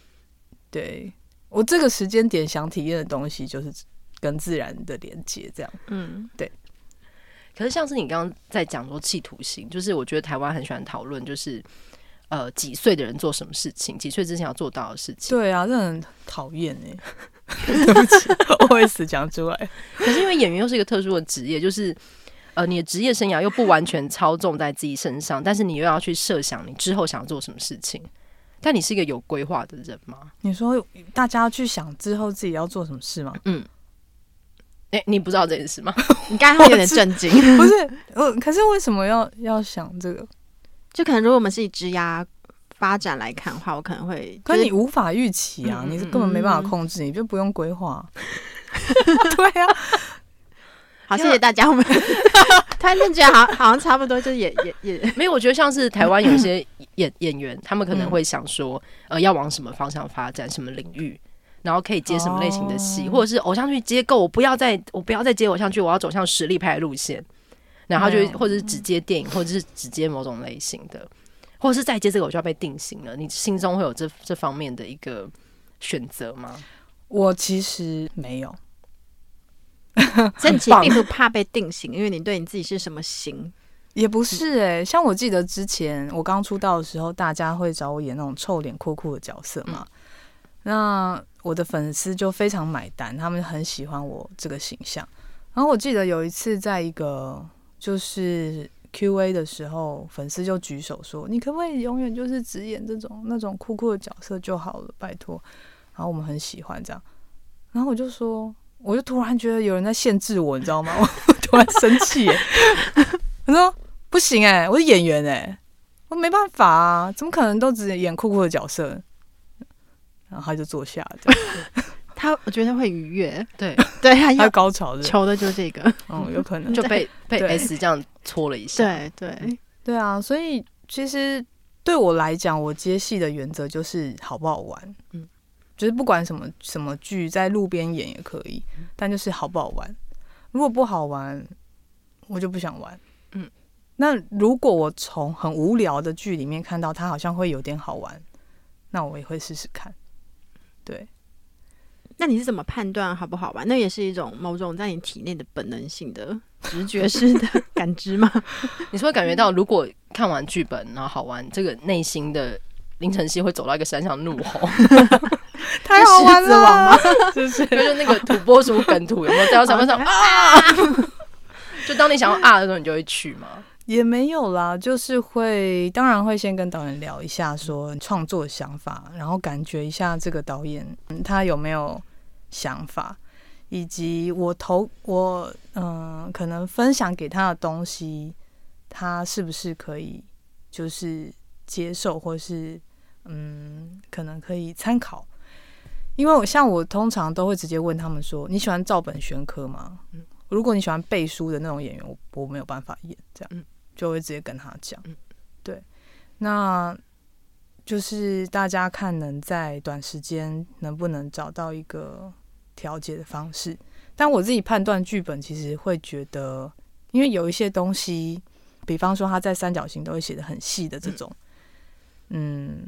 對我這個時間點想體驗的東西，就是跟自然的連接，這樣。嗯，對。可是，像是你剛剛在講說企圖心，就是我覺得台灣很喜歡討論，就是呃幾歲的人做什麼事情，幾歲之前要做到的事情。對啊，這很討厭哎！ 不起 我會死講出來。可是，因為演員又是一個特殊的職業，就是呃你的職業生涯又不完全操縱在自己身上，但是你又要去設想你之後想要做什麼事情。但你是一個有規劃的人嗎？你說大家要去想之後自己要做什麼事嗎？嗯。欸、你不知道這件事嗎？ 你剛才會有點震驚。不是，可是為什麼要要想這個？就可能如果我們是以職業發展來看的話，我可能會、就是……可是你無法預期啊，嗯嗯、你是根本沒辦法控制，嗯、你就不用規劃。嗯、 對啊。好，謝謝大家。我們，他那邊好好像差不多，就也也也沒有。我覺得像是台灣有一些演演員， 他們可能會想說、嗯，呃，要往什麼方向發展，什麼領域。然後可以接什麼類型的戲，哦，或者是偶像劇接夠，我不要再，我不要再接偶像劇，我要走向實力派路線。然後就、哎、或者是只接電影，哎，或者是只接某種類型的，或者是再接這個我就要被定型了。你心中會有這這方面的一個選擇嗎？我其實沒有， 你其實並不怕被定型，因為你對你自己是什麼型，也不是哎、欸。像我記得之前我剛出道的時候，大家會找我演那種臭臉酷酷的角色嘛、嗯，那。我的粉絲就非常買單，他們很喜歡我這個形象。然後我記得有一次在一個就是 Q A 的時候，粉絲就舉手說：“你可不可以永遠就是只演這種那種酷酷的角色就好了，拜托。”然後我們很喜歡這樣。然後我就說，我就突然覺得有人在限制我，你知道嗎？我突然生氣、欸。 我說：“不行誒、欸，我是演員誒、欸，我沒辦法啊，怎麼可能都只演酷酷的角色？”然後他就坐下，對 他我覺得他會愉悅，對對，他有高潮的，求的就是這個， 嗯，有可能就被被 S 這樣搓了一下，對對對，對啊，所以其實對我來講，我接戲的原則就是好不好玩，嗯，就是不管什麼什麼劇，在路邊演也可以，嗯，但就是好不好玩，如果不好玩，我就不想玩，嗯，那如果我從很無聊的劇裡面看到他好像會有點好玩，那我也會試試看。對，那你是怎麼判斷好不好玩？那也是一種某種在你體內的本能性的直覺式的感知嗎？ 你是會感覺到，如果看完劇本然後好玩，這個內心的林辰唏會走到一個山上怒吼， 太好玩了！嗎，是是 就是那個土撥鼠跟土有沒有，然後在山坡上啊，okay. 啊 就當你想要啊的時候，你就會去嗎？也沒有啦，就是會，當然會先跟導演聊一下，說創作想法，然後感覺一下這個導演，嗯，他有沒有想法，以及我投我嗯，可能分享給他的東西，他是不是可以就是接受，或是嗯，可能可以參考。因為我像我通常都會直接問他們說，你喜歡照本宣科嗎？嗯，如果你喜歡背書的那種演員，我我沒有辦法演這樣。就會直接跟他講，對，那就是大家看能在短時間能不能找到一個調節的方式。但我自己判斷劇本，其實會覺得，因為有一些東西，比方說他在三角形都會寫得很細的這種，嗯，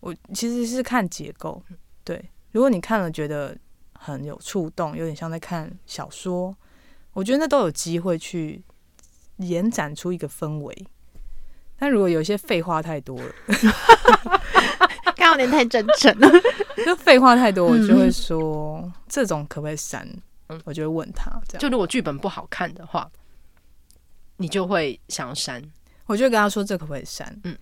我其實是看結構，對。如果你看了覺得很有觸動，有點像在看小說，我覺得那都有機會去。延展出一個氛圍，但如果有一些廢話太多了，剛有點太真誠了，就廢話太多，我就會說、嗯、這種可不可以刪、嗯？我就會問他，這樣就如果劇本不好看的話，你就會想刪，我就會跟他說，這可不可以刪？嗯，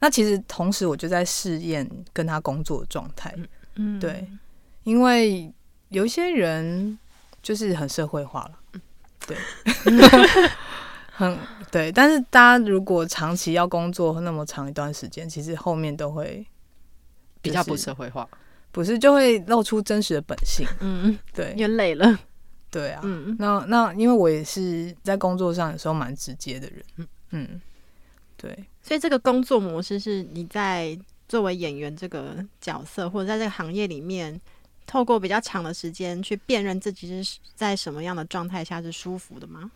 那其實同時我就在試驗跟他工作的狀態，嗯，對，因為有一些人就是很社會化了、嗯，對。嗯 很對，但是大家如果長期要工作那麼長一段時間，其實後面都會比較不社會化，不是就會露出真實的本性。嗯，對，又累了，對啊。嗯嗯。那那因為我也是在工作上有時候蠻直接的人。嗯嗯。對，所以這個工作模式是你在作為演員這個角色，或者在這個行業裡面，透過比較長的時間去辨認自己是在什麼樣的狀態下是舒服的嗎？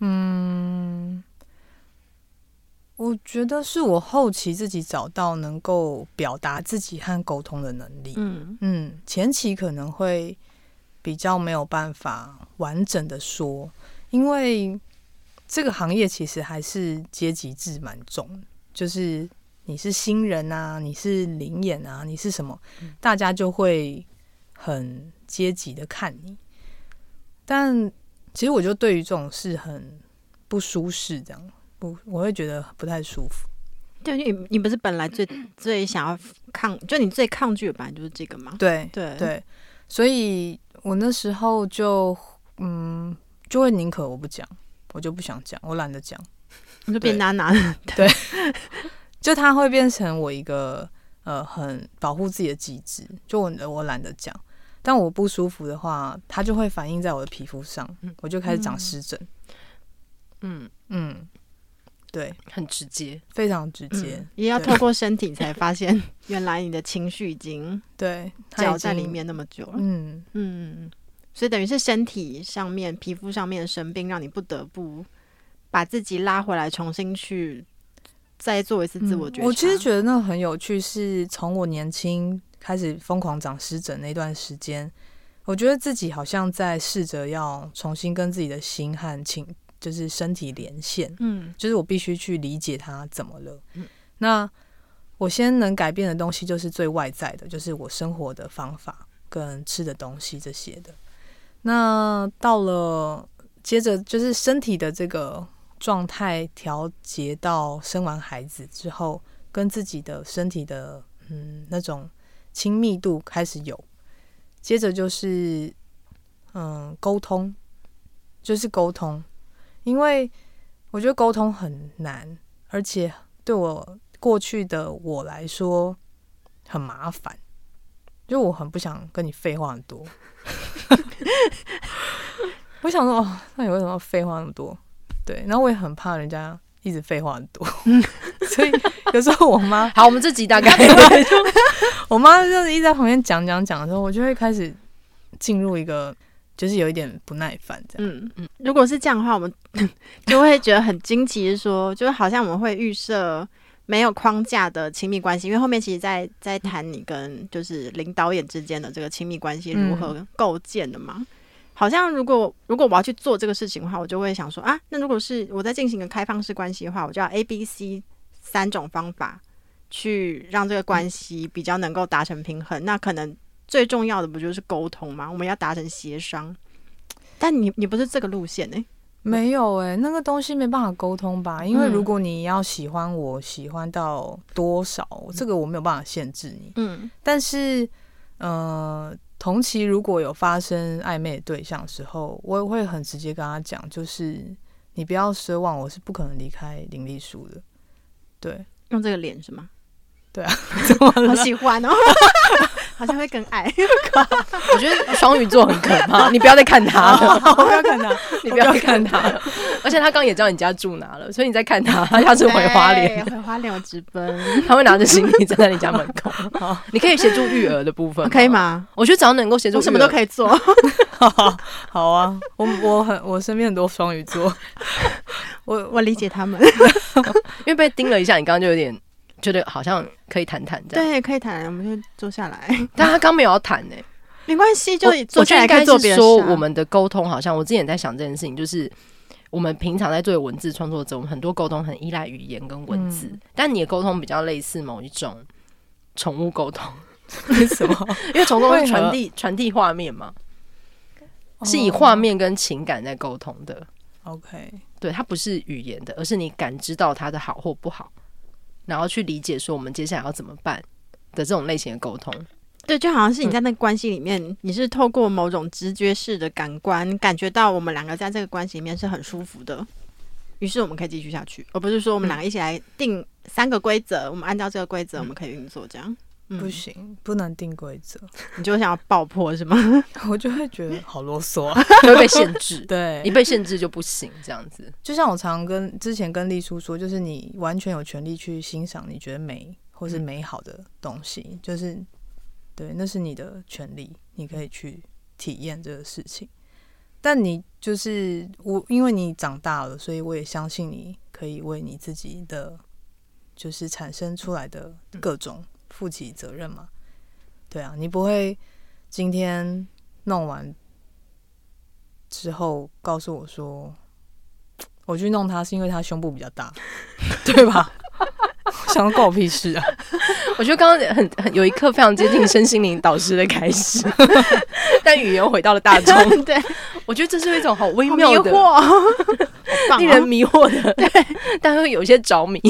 嗯，我覺得是我後期自己找到能夠表達自己和溝通的能力。嗯，嗯前期可能會比較沒有辦法完整的說，因為這個行業其實還是階級制蠻重，就是你是新人啊，你是臨演啊，你是什麼，嗯、大家就會很階級的看你，但。其實我就對於這種事很不舒適，這樣不，我會覺得不太舒服。對，你你不是本來最最想要抗，就你最抗拒的本來就是這個嘛？對對對。所以我那時候就嗯，就會寧可我不講，我就不想講，我懶得講，你就變娜娜對，對 就它會變成我一個呃，很保護自己的機制。就我我懶得講。但我不舒服的話，它就會反映在我的皮膚上、嗯，我就開始長濕疹。嗯嗯，對，很直接，非常直接、嗯，也要透過身體才發現原來你的情緒已經 對，腳在裡面那麼久了。嗯嗯，所以等於是身體上面、皮膚上面的生病，讓你不得不把自己拉回來，重新去再做一次自我覺察、嗯、我其實覺得那個很有趣，是從我年輕。開始瘋狂長濕疹那段時間，我覺得自己好像在試着要重新跟自己的心和情，就是身體連線。嗯，就是我必須去理解它怎麼了。嗯，那我先能改變的東西就是最外在的，就是我生活的方法跟吃的東西這些的。那到了接着就是身體的這個狀態調節到生完孩子之後，跟自己的身體的嗯那種。親密度開始有，接着就是嗯溝通，就是溝通，因為我覺得溝通很難，而且對我過去的我來說很麻煩，就我很不想跟你廢話很多。 我想說哦，那你為什麼要廢話那麼多？對，然後我也很怕人家。一直廢話很多，嗯， 所以有時候我媽 好，我們這集大概 我媽就是一直在旁邊講講講的時候，我就會開始進入一個就是有一點不耐煩這樣嗯。嗯嗯，如果是這樣的話，我們就會覺得很驚奇，是說 就是好像我們會預設沒有框架的親密關係，因為後面其實在在談你跟就是林導演之間的這個親密關係如何構建的嘛。嗯好像如果如果我要去做這個事情的話，我就會想說啊，那如果是我在進行一個開放式關係的話，我就要 A、B、C 三種方法去讓這個關係比較能夠達成平衡，嗯。那可能最重要的不就是溝通嗎？我們要達成協商。但你你不是這個路線呢？欸？沒有哎，欸，那個東西沒辦法溝通吧？因為如果你要喜歡我喜歡到多少，嗯，這個我沒有辦法限制你。嗯，但是呃。同期如果有發生曖昧對象的時候，我也會很直接跟他講，就是你不要奢望，我是不可能離開林麗書的。對，用這個臉是嗎？對啊，好喜歡哦， 好像會更愛。 我覺得雙魚座很可怕，你不要再看他了，好好好 我不要看他， 你不要再看他了要看。而且他剛也知道你家住哪了，所以你在看他，他下次回花蓮回花蓮我直奔。 他會拿着行李站在你家門口， 好，你可以協助育兒的部分好好，可、okay、以嗎？我覺得只要能夠協助育兒，我什麼都可以做。 好，好，好啊，我我很我身邊很多雙魚座，我 我理解他們， 因為被盯了一下，你剛剛就有點。覺得好像可以談談，這樣。對，可以談，我們就坐下來。 但他剛沒有要談呢、欸，沒關係，就坐下來、啊、我現在開始說我們的溝通。好像我之前也在想這件事情，就是我們平常在做文字創作中，我們很多溝通很依賴語言跟文字，嗯、但你的溝通比較類似某一種寵物溝通，為什麼？ 因為寵物會傳遞傳遞畫面嘛，哦、是以畫面跟情感在溝通的。OK，對，它不是語言的，而是你感知到它的好或不好。然後去理解說我們接下來要怎麼辦的這種類型的溝通，對，就好像是你在那個關係裡面，嗯、你是透過某種直覺式的感官感覺到我們兩個在這個關係裡面是很舒服的，於是我們可以繼續下去，而不是說我們兩個一起來定三個規則，嗯、我們按照這個規則我們可以運作這樣。嗯嗯、不行，不能定規則。你就想要爆破是嗎？ 我就會覺得好囉嗦、啊， 就會被限制。 對，一被限制就不行，這樣子。就像我常跟之前跟麗叔說，就是你完全有權利去欣賞你覺得美或是美好的東西，嗯、就是對，那是你的權利，你可以去體驗這個事情。但你就是我，因為你長大了，所以我也相信你可以為你自己的就是產生出來的各種。嗯負起責任嘛？對啊，你不會今天弄完之後告訴我說，我去弄它是因為它胸部比較大， 對吧？ 我想關我屁事啊！我覺得剛剛很，很有一刻非常接近身心靈導師的開始， 但語言又回到了大眾。 對，我覺得這是一種好微妙的，令、啊啊、人迷惑的，對，但會有些着迷。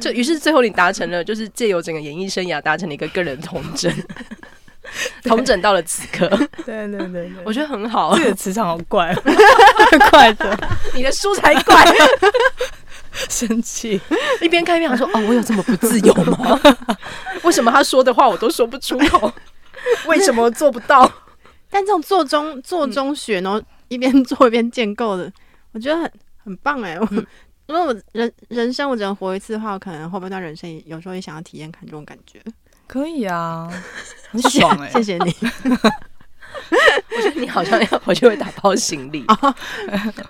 就於是最後你達成了，就是借由整個演藝生涯達成了一個個人統整。 統整到了此刻 。對對對、對，我覺得很好、啊。你的磁場好怪、喔， 很怪的。 你的書才怪， 生氣。一邊看一邊想說， 哦、啊，我有這麼不自由嗎？ 為什麼他說的話我都說不出口？ 為什麼我做不到？ 但這種做中做中學呢，然後一邊做一邊建構的，嗯、我覺得很很棒哎、欸。我嗯因為我人人生，我只能活一次的話，我可能後半段人生，有時候也想要體驗看這種感覺。可以啊，很爽哎、欸！ 謝謝你。 我覺得你好像要，回去會打包行李、 oh,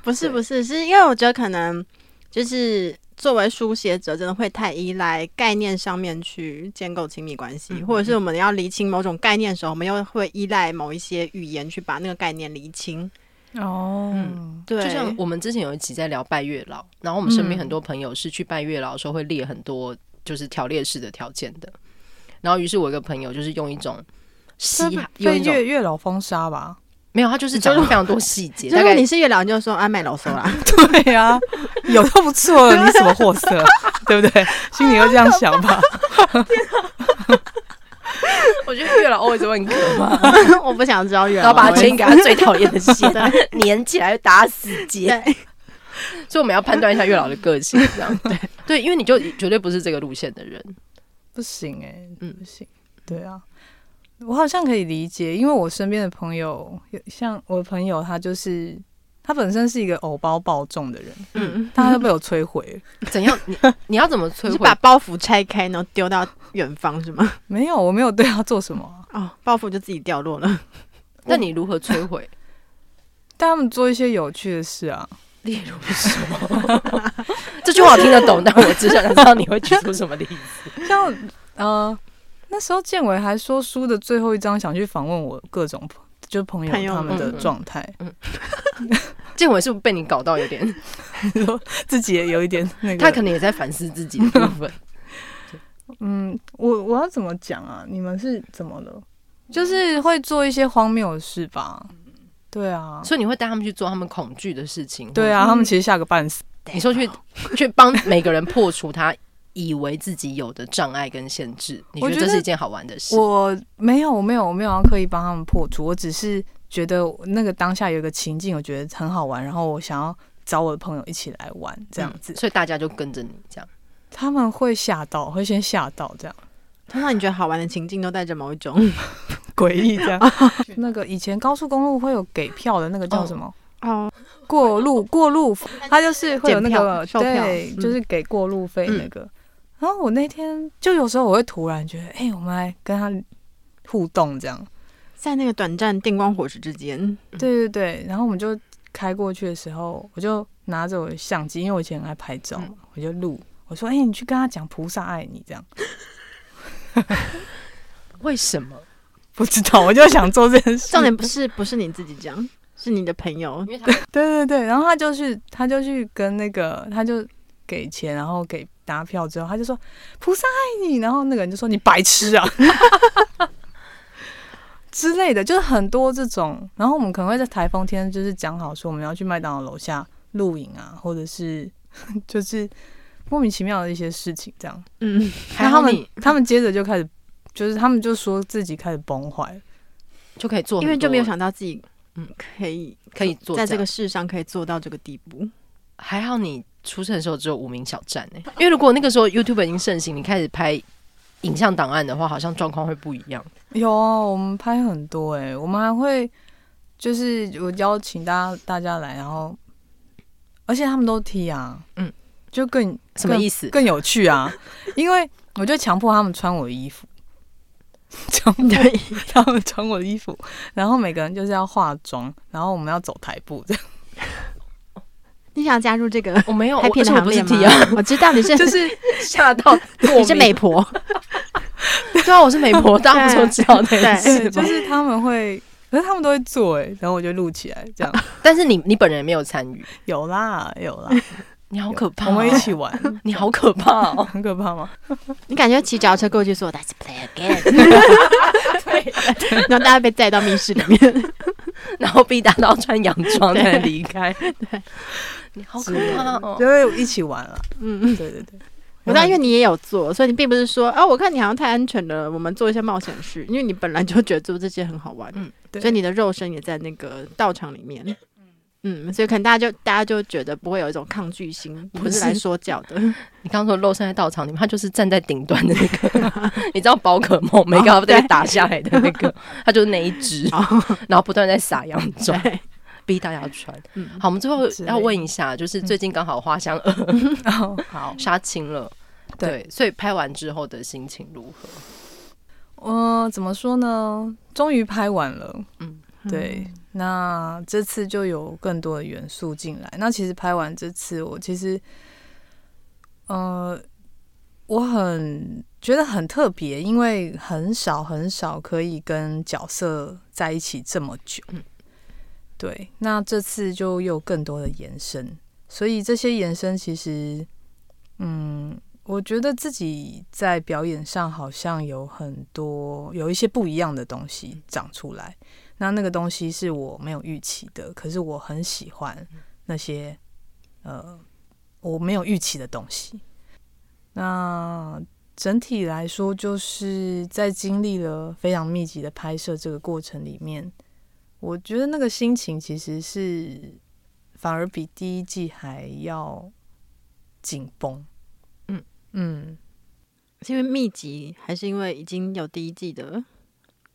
不是不是，是因為我覺得可能就是作為書寫者，真的會太依賴概念上面去建構親密關係、嗯，或者是我們要釐清某種概念的時候，我們又會依賴某一些語言去把那個概念釐清。哦、oh, 嗯，對，就像我們之前有一集在聊拜月老，然後我們身邊很多朋友是去拜月老的時候會列很多就是條列式的條件的，然後於是我一個朋友就是用一種，越用一種，月月老封殺吧，沒有，他就是講了非常多細節， 大概 你是月老，你就說，啊麥老說啦， 對啊，有都不錯，你什麼貨色， 對不對？心裡會這樣想吧。 天啊 我覺得月老 always 問歌嘛，我不想知道月老把錢給他最討厭的線，粘起來打死結， 所以我們要判斷一下月老的個性，這樣對，對，因為你就絕對不是這個路線的人， 不行哎，嗯，不行，對啊，我好像可以理解，因為我身邊的朋友，像我的朋友，他就是。他本身是一個偶包爆重的人，嗯，但他都被我摧毀，嗯嗯。怎樣？你你要怎麼摧毀？ 你把包袱拆開，然後丟到遠方是嗎？沒有，我沒有對他做什麼啊，哦、包袱就自己掉落了。 那你如何摧毀？帶 他們做一些有趣的事啊，例如說， 這句話我聽得懂， 但我只想知道你會舉出什麼例子。 像呃，那時候建偉還說書的最後一章想去訪問我各種就朋友他們的狀態，嗯嗯 建偉是不是被你搞到有點， 說自己也有一點 他可能也在反思自己的部分 嗯，我我要怎麼講啊？你們是怎麼了？就是會做一些荒謬的事吧？對啊，所以你會帶他們去做他們恐懼的事情？對啊，他們其實嚇個半死。你 說去去幫每個人破除他以為自己有的障礙跟限制，你覺得這是一件好玩的事？我,我沒有，我沒有，我沒有要刻意幫他們破除，我只是。覺得那個當下有個情境，我覺得很好玩，然後我想要找我的朋友一起來玩這樣子，嗯、所以大家就跟着你這樣。他們會嚇到，會先嚇到這樣。通常你覺得好玩的情境都帶着某一種詭異 這樣？ 那個以前高速公路會有給票的那個叫什麼？哦、oh. oh.，過路過路他就是會有那個票票對、嗯，就是給過路費那個、嗯。然後我那天就有時候我會突然覺得，哎、欸，我們來跟他互動這樣。在那個短暫電光火石之間，對對對，然後我們就開過去的時候，我就拿着我相機，因為我以前愛拍照、嗯，我就錄。我說：“哎、欸，你去跟他講菩薩愛你這樣。 ”為什麼？ 不知道，我就想做這件事。 重點不是不是你自己講，是你的朋友。 為他 對對對，然後他就是他，就去跟那個，他就給錢，然後給搭票之後，他就說菩薩愛你。然後那個人就說你白痴啊。 之類的，就是很多這種，然後我們可能會在颱風天，就是講好說我們要去麥當勞樓下露營啊，或者是呵呵就是莫名其妙的一些事情這樣。嗯，然後他們他們接着就開始，就是他們就說自己開始崩壞，就可以做，因為就沒有想到自己，嗯，可以可以做，在這個世上可以做到這個地步。還好你出生的時候只有無名小站呢、欸， 因為如果那個時候 YouTube 已經盛行，你開始拍。影像檔案的話，好像狀況會不一樣。有啊，我們拍很多哎、欸，我們還會就是我邀請大家大家來，然後而且他們都踢啊，嗯，就更什麼意思？更，更有趣啊！ 因為我就強迫他們穿我的衣服，穿我的衣服，強迫他們穿我的衣服，然後每個人就是要化妝，然後我們要走台步這樣。經常加入這個？我沒有，我什麼不是提我知道你是，就是嚇到 你是美婆。 對啊，我是美婆，當然不知道那些事。就是他們會，可是他們都會做哎、欸，然後我就錄起來這樣、啊。但是你，你本人沒有參與？有啦，有啦。 你好可怕、喔！我們一起玩。 你好可怕哦、喔！ 很可怕嗎？ 你感覺騎腳踏車過去說 “Let's a play again”， 對對對，然後大家被帶到密室裡面， 然後被打到穿洋裝再離開 對。對。你好可怕哦！對，一起玩了，嗯嗯，對對對，我當然因為你也有做，所以你並不是說啊、哦，我看你好像太安全了，我們做一些冒險事，因為你本來就覺得做這些很好玩，嗯，對，所以你的肉身也在那個道場裡面，嗯所以可能大家就大家就覺得不會有一種抗拒心，不是來說教的。你剛說肉身在道場裡面，他就是站在頂端的那個， 你知道寶可夢、哦，每天都在打下來的那個，他、哦、就是那一只、哦，然後不斷在撒洋。妝。逼大家穿。嗯，好，我們最後要問一下，就是最近剛好、嗯、 好《花香》好殺青了對，對，所以拍完之後的心情如何？嗯、呃，怎麼說呢？終於拍完了。嗯，對，嗯、那這次就有更多的元素進來。那其實拍完這次，我其實，呃，我很覺得很特別，因為很少很少可以跟角色在一起這麼久。嗯。對，那這次就又有更多的延伸，所以這些延伸其實，嗯，我覺得自己在表演上好像有很多有一些不一樣的東西長出來，那那個東西是我沒有預期的，可是我很喜歡那些，呃，我沒有預期的東西。那整體來說，就是在經歷了非常密集的拍攝這個過程裡面。我覺得那個心情其實是反而比第一季還要緊繃。嗯嗯，是因為密集還是因為已經有第一季的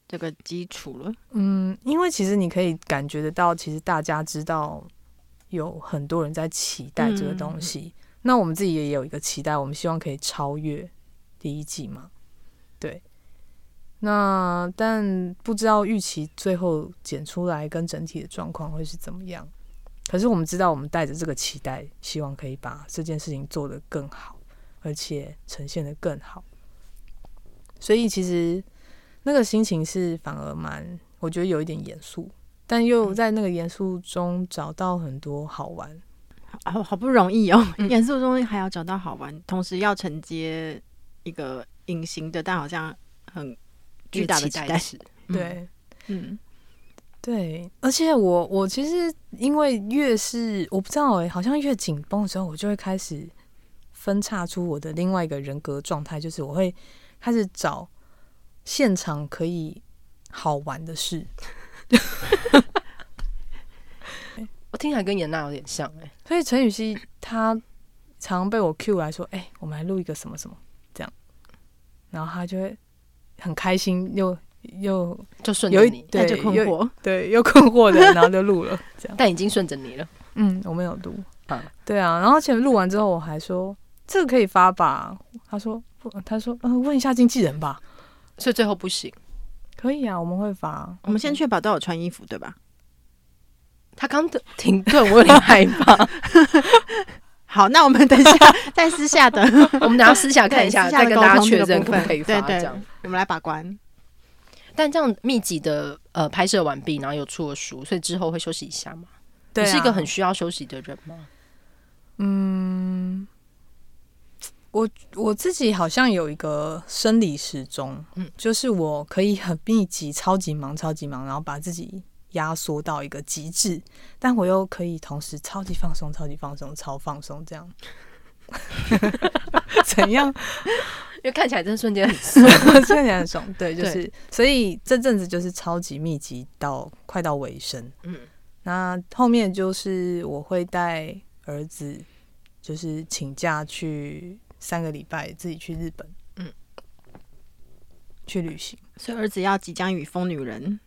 這個基礎了？嗯，因為其實你可以感覺得到，其實大家知道有很多人在期待這個東西，嗯、那我們自己也有一個期待，我們希望可以超越第一季嘛，對。那但不知道預期最後剪出來跟整體的狀況會是怎麼樣。可是我們知道，我們帶着這個期待，希望可以把這件事情做得更好，而且呈現得更好。所以其實那個心情是反而蠻，我覺得有一點嚴肅，但又在那個嚴肅中找到很多好玩。嗯、好好不容易哦，嗯、嚴肅中還要找到好玩，同時要承接一個隱形的，但好像很。巨大的期待、嗯、對，嗯，對，而且我我其實因為越是我不知道哎、欸，好像越緊繃的時候，我就會開始分岔出我的另外一個人格狀態，就是我會開始找現場可以好玩的事。 我聽起來跟顏訥有點像哎、欸，所以陳雨希她常被我 cue 來說，哎、欸，我們來錄一個什麼什麼這樣，然後她就會。很開心又又就順着你有，對，就困惑，對，又困惑的，然後就錄了， 這樣。但已經順着你了，嗯，我沒有錄、啊、對啊。然後前面錄完之後，我還說這個可以發吧，他說不，他說嗯、呃，問一下經紀人吧，所以最後不行。可以啊，我們會發。我們先確保都有穿衣服，對吧？ 他剛停頓，我有點害怕。 好，那我們等一下 在私下的， 我們等一下，後私下看一下，下溝通，再跟大家確認可不可以發。這樣我們來把關。但這樣密集的呃拍攝完畢，然後有出了書，所以之後會休息一下嗎、啊？你是一個很需要休息的人嗎？嗯，我我自己好像有一個生理時鐘，嗯，就是我可以很密集、超級忙、超級忙，然後把自己。壓縮到一個極致，但我又可以同時超級放鬆、超級放鬆、超放鬆這樣， 怎樣？因為看起來真的瞬間很爽，瞬 間很爽。對，就是，所以這陣子就是超級密集到快到尾聲。嗯，那後面就是我會帶兒子，就是請假去三個禮拜，自己去日本，嗯，去旅行。所以兒子要即將與瘋女人。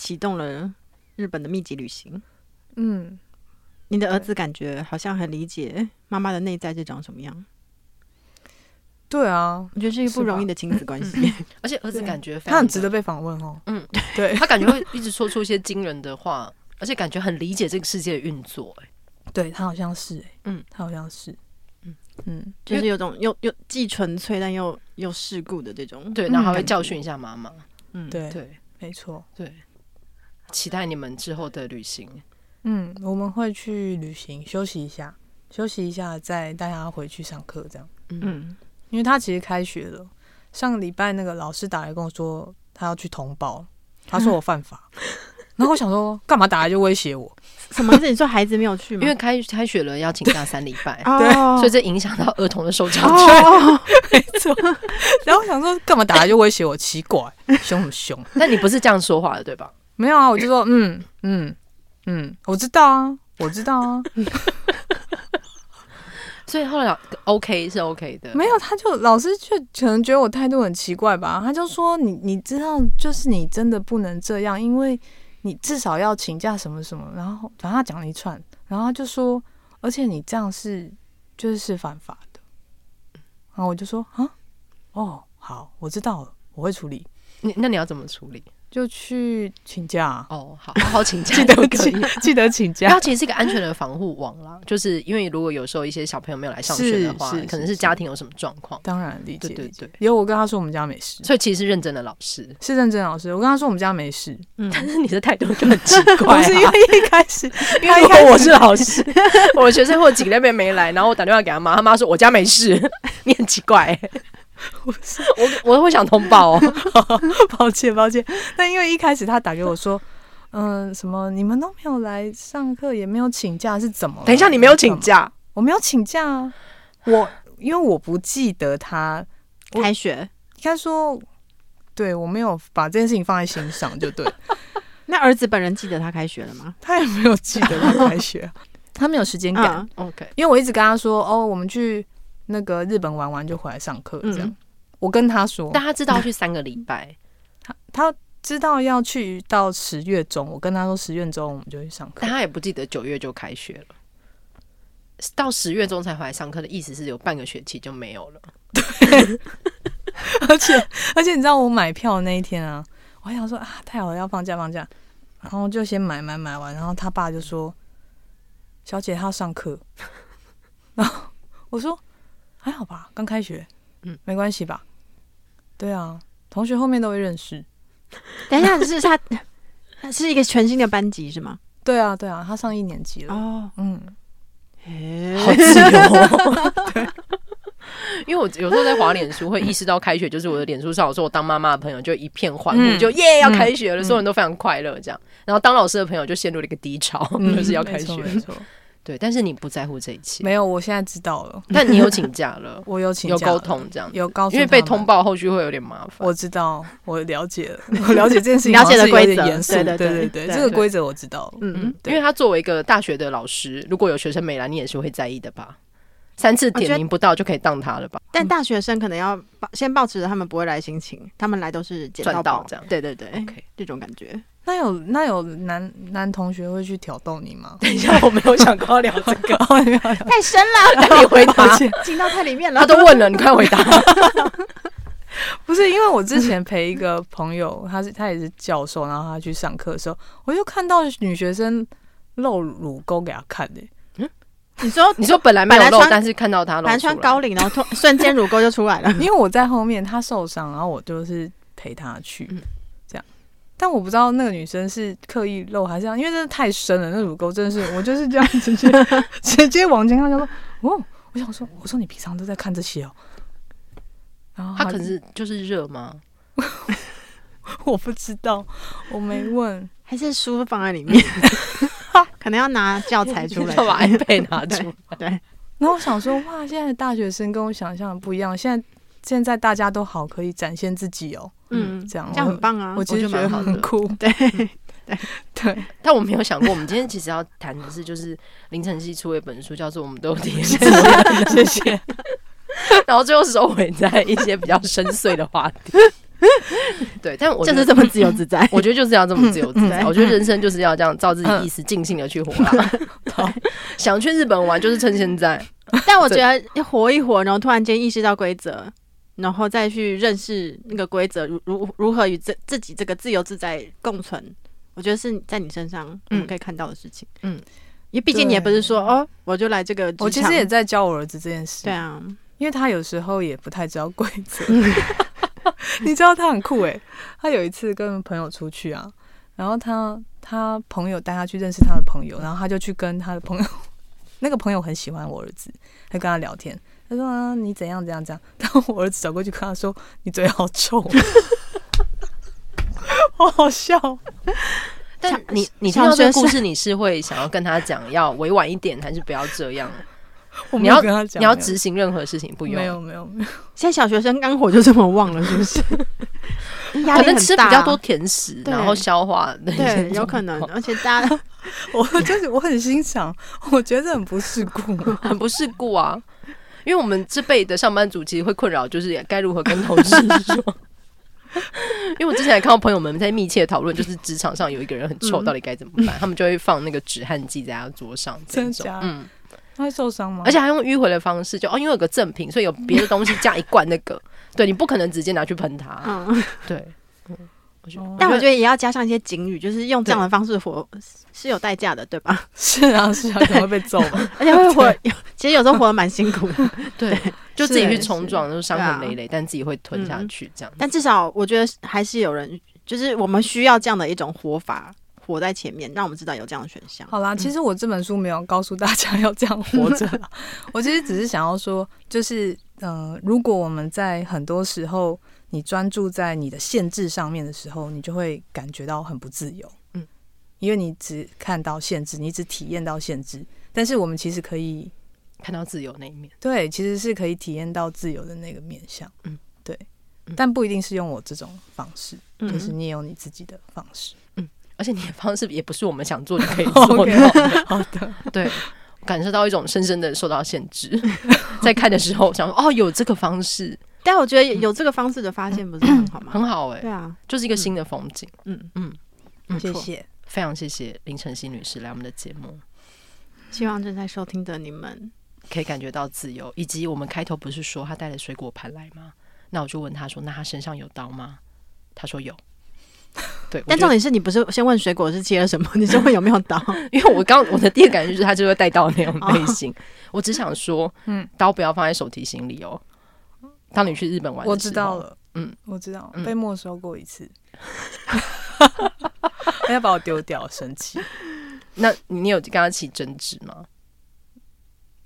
啟動了日本的密集旅行。嗯，你的兒子感覺好像很理解媽媽的內在是長什麼樣。對啊，我覺得是一個不容易的親子關係，嗯嗯。而且兒子感覺他很值得被訪問哦。嗯，對，他感覺會一直說出一些驚人的話，而且感覺很理解這個世界的運作，欸。對他好像是，欸，嗯，他好像是，嗯嗯，就是有種又又既純粹但又又世故的這種。對，然後還會教訓一下媽媽。嗯，對對，沒錯，對。期待你們之後的旅行。嗯，我們會去旅行，休息一下，休息一下，再帶他回去上課，這樣。嗯，因為他其實開學了，上個禮拜那個老師打來跟我說，他要去通報，他說我犯法。嗯、然後我想說，幹嘛打來就威脅我？什麼？你說孩子沒有去嗎？ 因為開開學了要請假三禮拜，對，對，所以這影響到兒童的受教育。哦哦、 沒錯。 然後我想說，幹嘛打來就威脅我？奇怪， 凶不凶？那你不是這樣說話的，對吧？沒有啊，我就說 嗯嗯嗯，我知道啊，我知道啊。 所以後來 OK 是 OK 的，沒有，他就老師卻可能覺得我態度很奇怪吧，他就說你你知道就是你真的不能這樣，因為你至少要請假什麼什麼，然後然後他講了一串，然後他就說，而且你這樣是就是是犯法的，然後我就說啊哦好，我知道了，我會處理。你那你要怎麼處理？就去請假哦，好，好好請假，記得請、啊，記得請假。然後其實是一個安全的防護網啦，就是因為如果有時候一些小朋友沒有來上學的話，可能是家庭有什麼狀況。當然理解，對對對。因為我跟他說我們家沒事，所以其實是認真的老師是認真的老師。我跟他說我們家沒事，嗯，但是你的態度就很奇怪、啊， 是因為一開始，因為如果我是老師， 我學生或幾個那邊沒來，然後我打電話給他媽，他媽說我家沒事， 你很奇怪、欸。我我，我會想通報哦， 哦，抱歉抱歉。那因為一開始他打給我說，嗯、呃，什麼你們都沒有來上課，也沒有請假，是怎麼？等一下，你沒有請假，我沒有請假啊。我因為我不記得他開學，他說，對我沒有把這件事情放在心上，就對。 那兒子本人記得他開學了嗎？他也沒有記得他開學、啊， 他沒有時間感。Uh, OK，因為我一直跟他說，哦，我們去。那個日本玩完就回來上課，這樣、嗯。我跟他說，但他知道要去三個禮拜，嗯、他他知道要去到十月中。我跟他說，十月中我們就去上課。但他也不記得九月就開學了，到十月中才回來上課的意思是有半個學期就沒有了。對， 而且而且你知道我買票那一天啊，我還想說啊，太好了要放假放假，然後就先買買買完，然後他爸就說：“小姐，他要上課。 ”然後我說。還好吧，剛開學，嗯，沒關係吧？對啊，同學後面都會認識。等一下，只是他，他 是一個全新的班級是嗎？對啊，對啊，他上一年級了哦，嗯，嘿、欸，好自由、哦。 對 因為我有時候在滑臉書，會意識到開學就是我的臉書上，我說我當媽媽的朋友就一片歡呼，嗯、就耶要開學了，所、嗯、有人都非常快樂這樣。然後當老師的朋友就陷入了一個低潮，嗯、 就是要開學。沒對，但是你不在乎這一切。沒有，我現在知道了。但你有請假了？ 我有請假了，有溝通這樣子，有溝，因為被通報後續會有點麻煩。 我知道，我了解了，我了解這件事情，了解的規則，對對對對對，對，對對對，這個規則我知道對對對。嗯嗯，因為他作為一個大學的老師，如果有學生沒來，你也是會在意的吧？三次點名不到就可以當他了吧？啊、但大學生可能要先抱持着他們不會來心情，嗯、他們來都是撿到這樣。對對對，OK，這種感覺。那有那有男男同學會去挑逗你嗎？等一下，我沒有想跟他聊這個、 哦沒有聊，太深了，趕緊回答，進、啊、到太裡面了。他都問了， 你快回答。 不是，因為我之前陪一個朋友，他是他也是教授，然後他去上課的時候，我就看到女學生露乳溝給他看的、欸。嗯。你說你說本來沒有露，但是看到他，本來穿高領，然後突然間乳溝就出來了。 因為我在後面，他受傷，然後我就是陪他去、嗯，這樣。但我不知道那個女生是刻意露還是這樣，因為真的太深了，那乳溝真的是我就是這樣直接 直接往前看，就是、說哦，我想說，我說你平常都在看這些哦。然後他可是就是熱嗎？ 我不知道，我沒問，還是書放在裡面。 可能要拿教材出來，iPad 拿出來。 對，那我想說，哇，現在的大學生跟我想象不一樣，現在現在大家都好可以展現自己哦、喔，嗯，這樣這樣很棒啊，我其實我就覺得很酷，對對對。但我沒有想過，我們今天其實要談的是，就是林辰唏出了一本書，叫做《我們都挺》，謝謝，謝謝，然後最後收尾在一些比較深邃的話題。 對，但我覺得就是這麼自由自在、嗯。我覺得就是要這麼自由自在。嗯、我覺得人生就是要這樣，嗯、照自己意思盡興的去活、啊嗯好。想去日本玩就是趁現在。 但我覺得要活一活，然後突然間意識到規則，然後再去認識那個規則，如如何與自自己這個自由自在共存，我覺得是在你身上我們可以看到的事情。嗯，因為畢竟你也不是說哦，我就來這個。我其實也在教我兒子這件事。對啊，因為他有時候也不太知道規則。嗯 你知道他很酷誒、欸，他有一次跟朋友出去啊，然後他他朋友帶他去認識他的朋友，然後他就去跟他的朋友，那個朋友很喜歡我兒子，他跟他聊天，他說啊你怎樣怎樣怎樣，然後我兒子走過去跟他說你嘴好臭、啊， 好好笑、喔。但你你聽到這個故事，你是會想要跟他講要委婉一點，還是不要這樣？我跟他你要你要執行任何事情，不用。沒有沒有，沒有，現在小學生肝火就這麼旺了，是不是 啊？可能吃比較多甜食，然後消化那些對，有可能。而且大家， 我就是我很欣賞，我覺得這很不世故、啊， 很不世故啊。因為我們這輩的上班族，其實會困擾就是該如何跟同事說。 因為我之前也看到朋友們在密切討論，就是職場上有一個人很臭，嗯、到底該怎麼辦、嗯？他們就會放那個止汗劑在他桌上，這種嗯。會受傷嗎？而且還用迂回的方式就，就哦，因為有個贈品，所以有別的東西加一罐那個。 對你不可能直接拿去噴它，啊。嗯，對。嗯，我覺得，但我覺得也要加上一些警語，就是用這樣的方式活是有代價的，對吧？是啊，是啊，可能會被揍。而且會活，其實有時候活得蠻辛苦 對、對，就自己去衝撞，是欸，是就傷痕累累，啊，但自己會吞下去這樣，嗯。但至少我覺得還是有人，就是我們需要這樣的一種活法。活在前面，讓我們知道有這樣的選項。好啦，其實我這本書沒有告訴大家要這樣活着，嗯，我其實只是想要說，就是嗯，呃，如果我們在很多時候，你專注在你的限制上面的時候，你就會感覺到很不自由，嗯，因為你只看到限制，你只體驗到限制，但是我們其實可以看到自由那一面，對，其實是可以體驗到自由的那個面向，嗯，對，嗯，但不一定是用我這種方式，就是你也有你自己的方式。嗯而且你的方式也不是我們想做就可以做的。好的，對， 感受到一種深深的受到限制。 在看的時候，想說 哦，有這個方式，但我覺得有這個方式的發現不是很好嗎？嗯嗯、很好哎、欸，對啊，就是一個新的風景。嗯嗯，嗯，嗯，謝謝，非常謝謝林辰唏女士來我們的節目。希望正在收聽的你們可以感覺到自由。以及我們開頭不是說他帶了水果盤來嗎？那我就問他說：“那他身上有刀嗎？”他說有。對，但重點是你不是先問水果是切了什麼，你先問有沒有刀？ 因為我剛我的第一感覺就是他就會帶刀那種類型、哦。我只想說，嗯，刀不要放在手提行李哦。當你去日本玩，我知道了，嗯，我知道被沒收過一次，他、嗯、要 把我丟掉，生氣。 那你你有跟他起爭執嗎？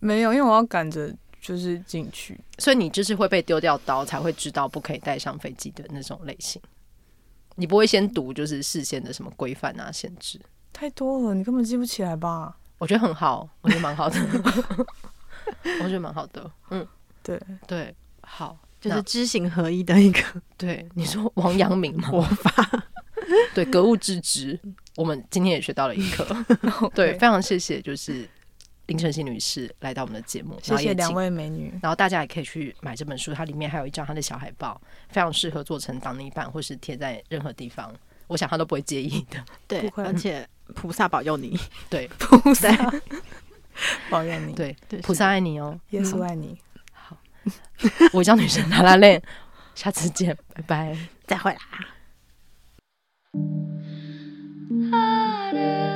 沒有，因為我要趕着就是進去，所以你就是會被丟掉刀才會知道不可以帶上飛機的那種類型。你不會先讀，就是事先的什麼規範啊、限制太多了，你根本記不起來吧？我覺得很好，我覺得蠻好的， 我覺得蠻好的。嗯，對對，好，就是知行合一的一個。對，你說王陽明活法， 對，格物致知， 我們今天也學到了一課。 Okay. 對，非常謝謝，就是。林辰唏女士來到我們的節目，謝謝兩位美女。然後大家也可以去買這本書，它裡面還有一張她的小海報，非常適合做成擋泥板或是貼在任何地方。我想她都不會介意的。啊、對，而且菩薩保，保佑你，對菩薩保佑你，對對菩薩愛你哦、喔，耶穌愛你。好，嗯、好 違章女生 lalaLand， 下次見，拜拜，再會啦。哈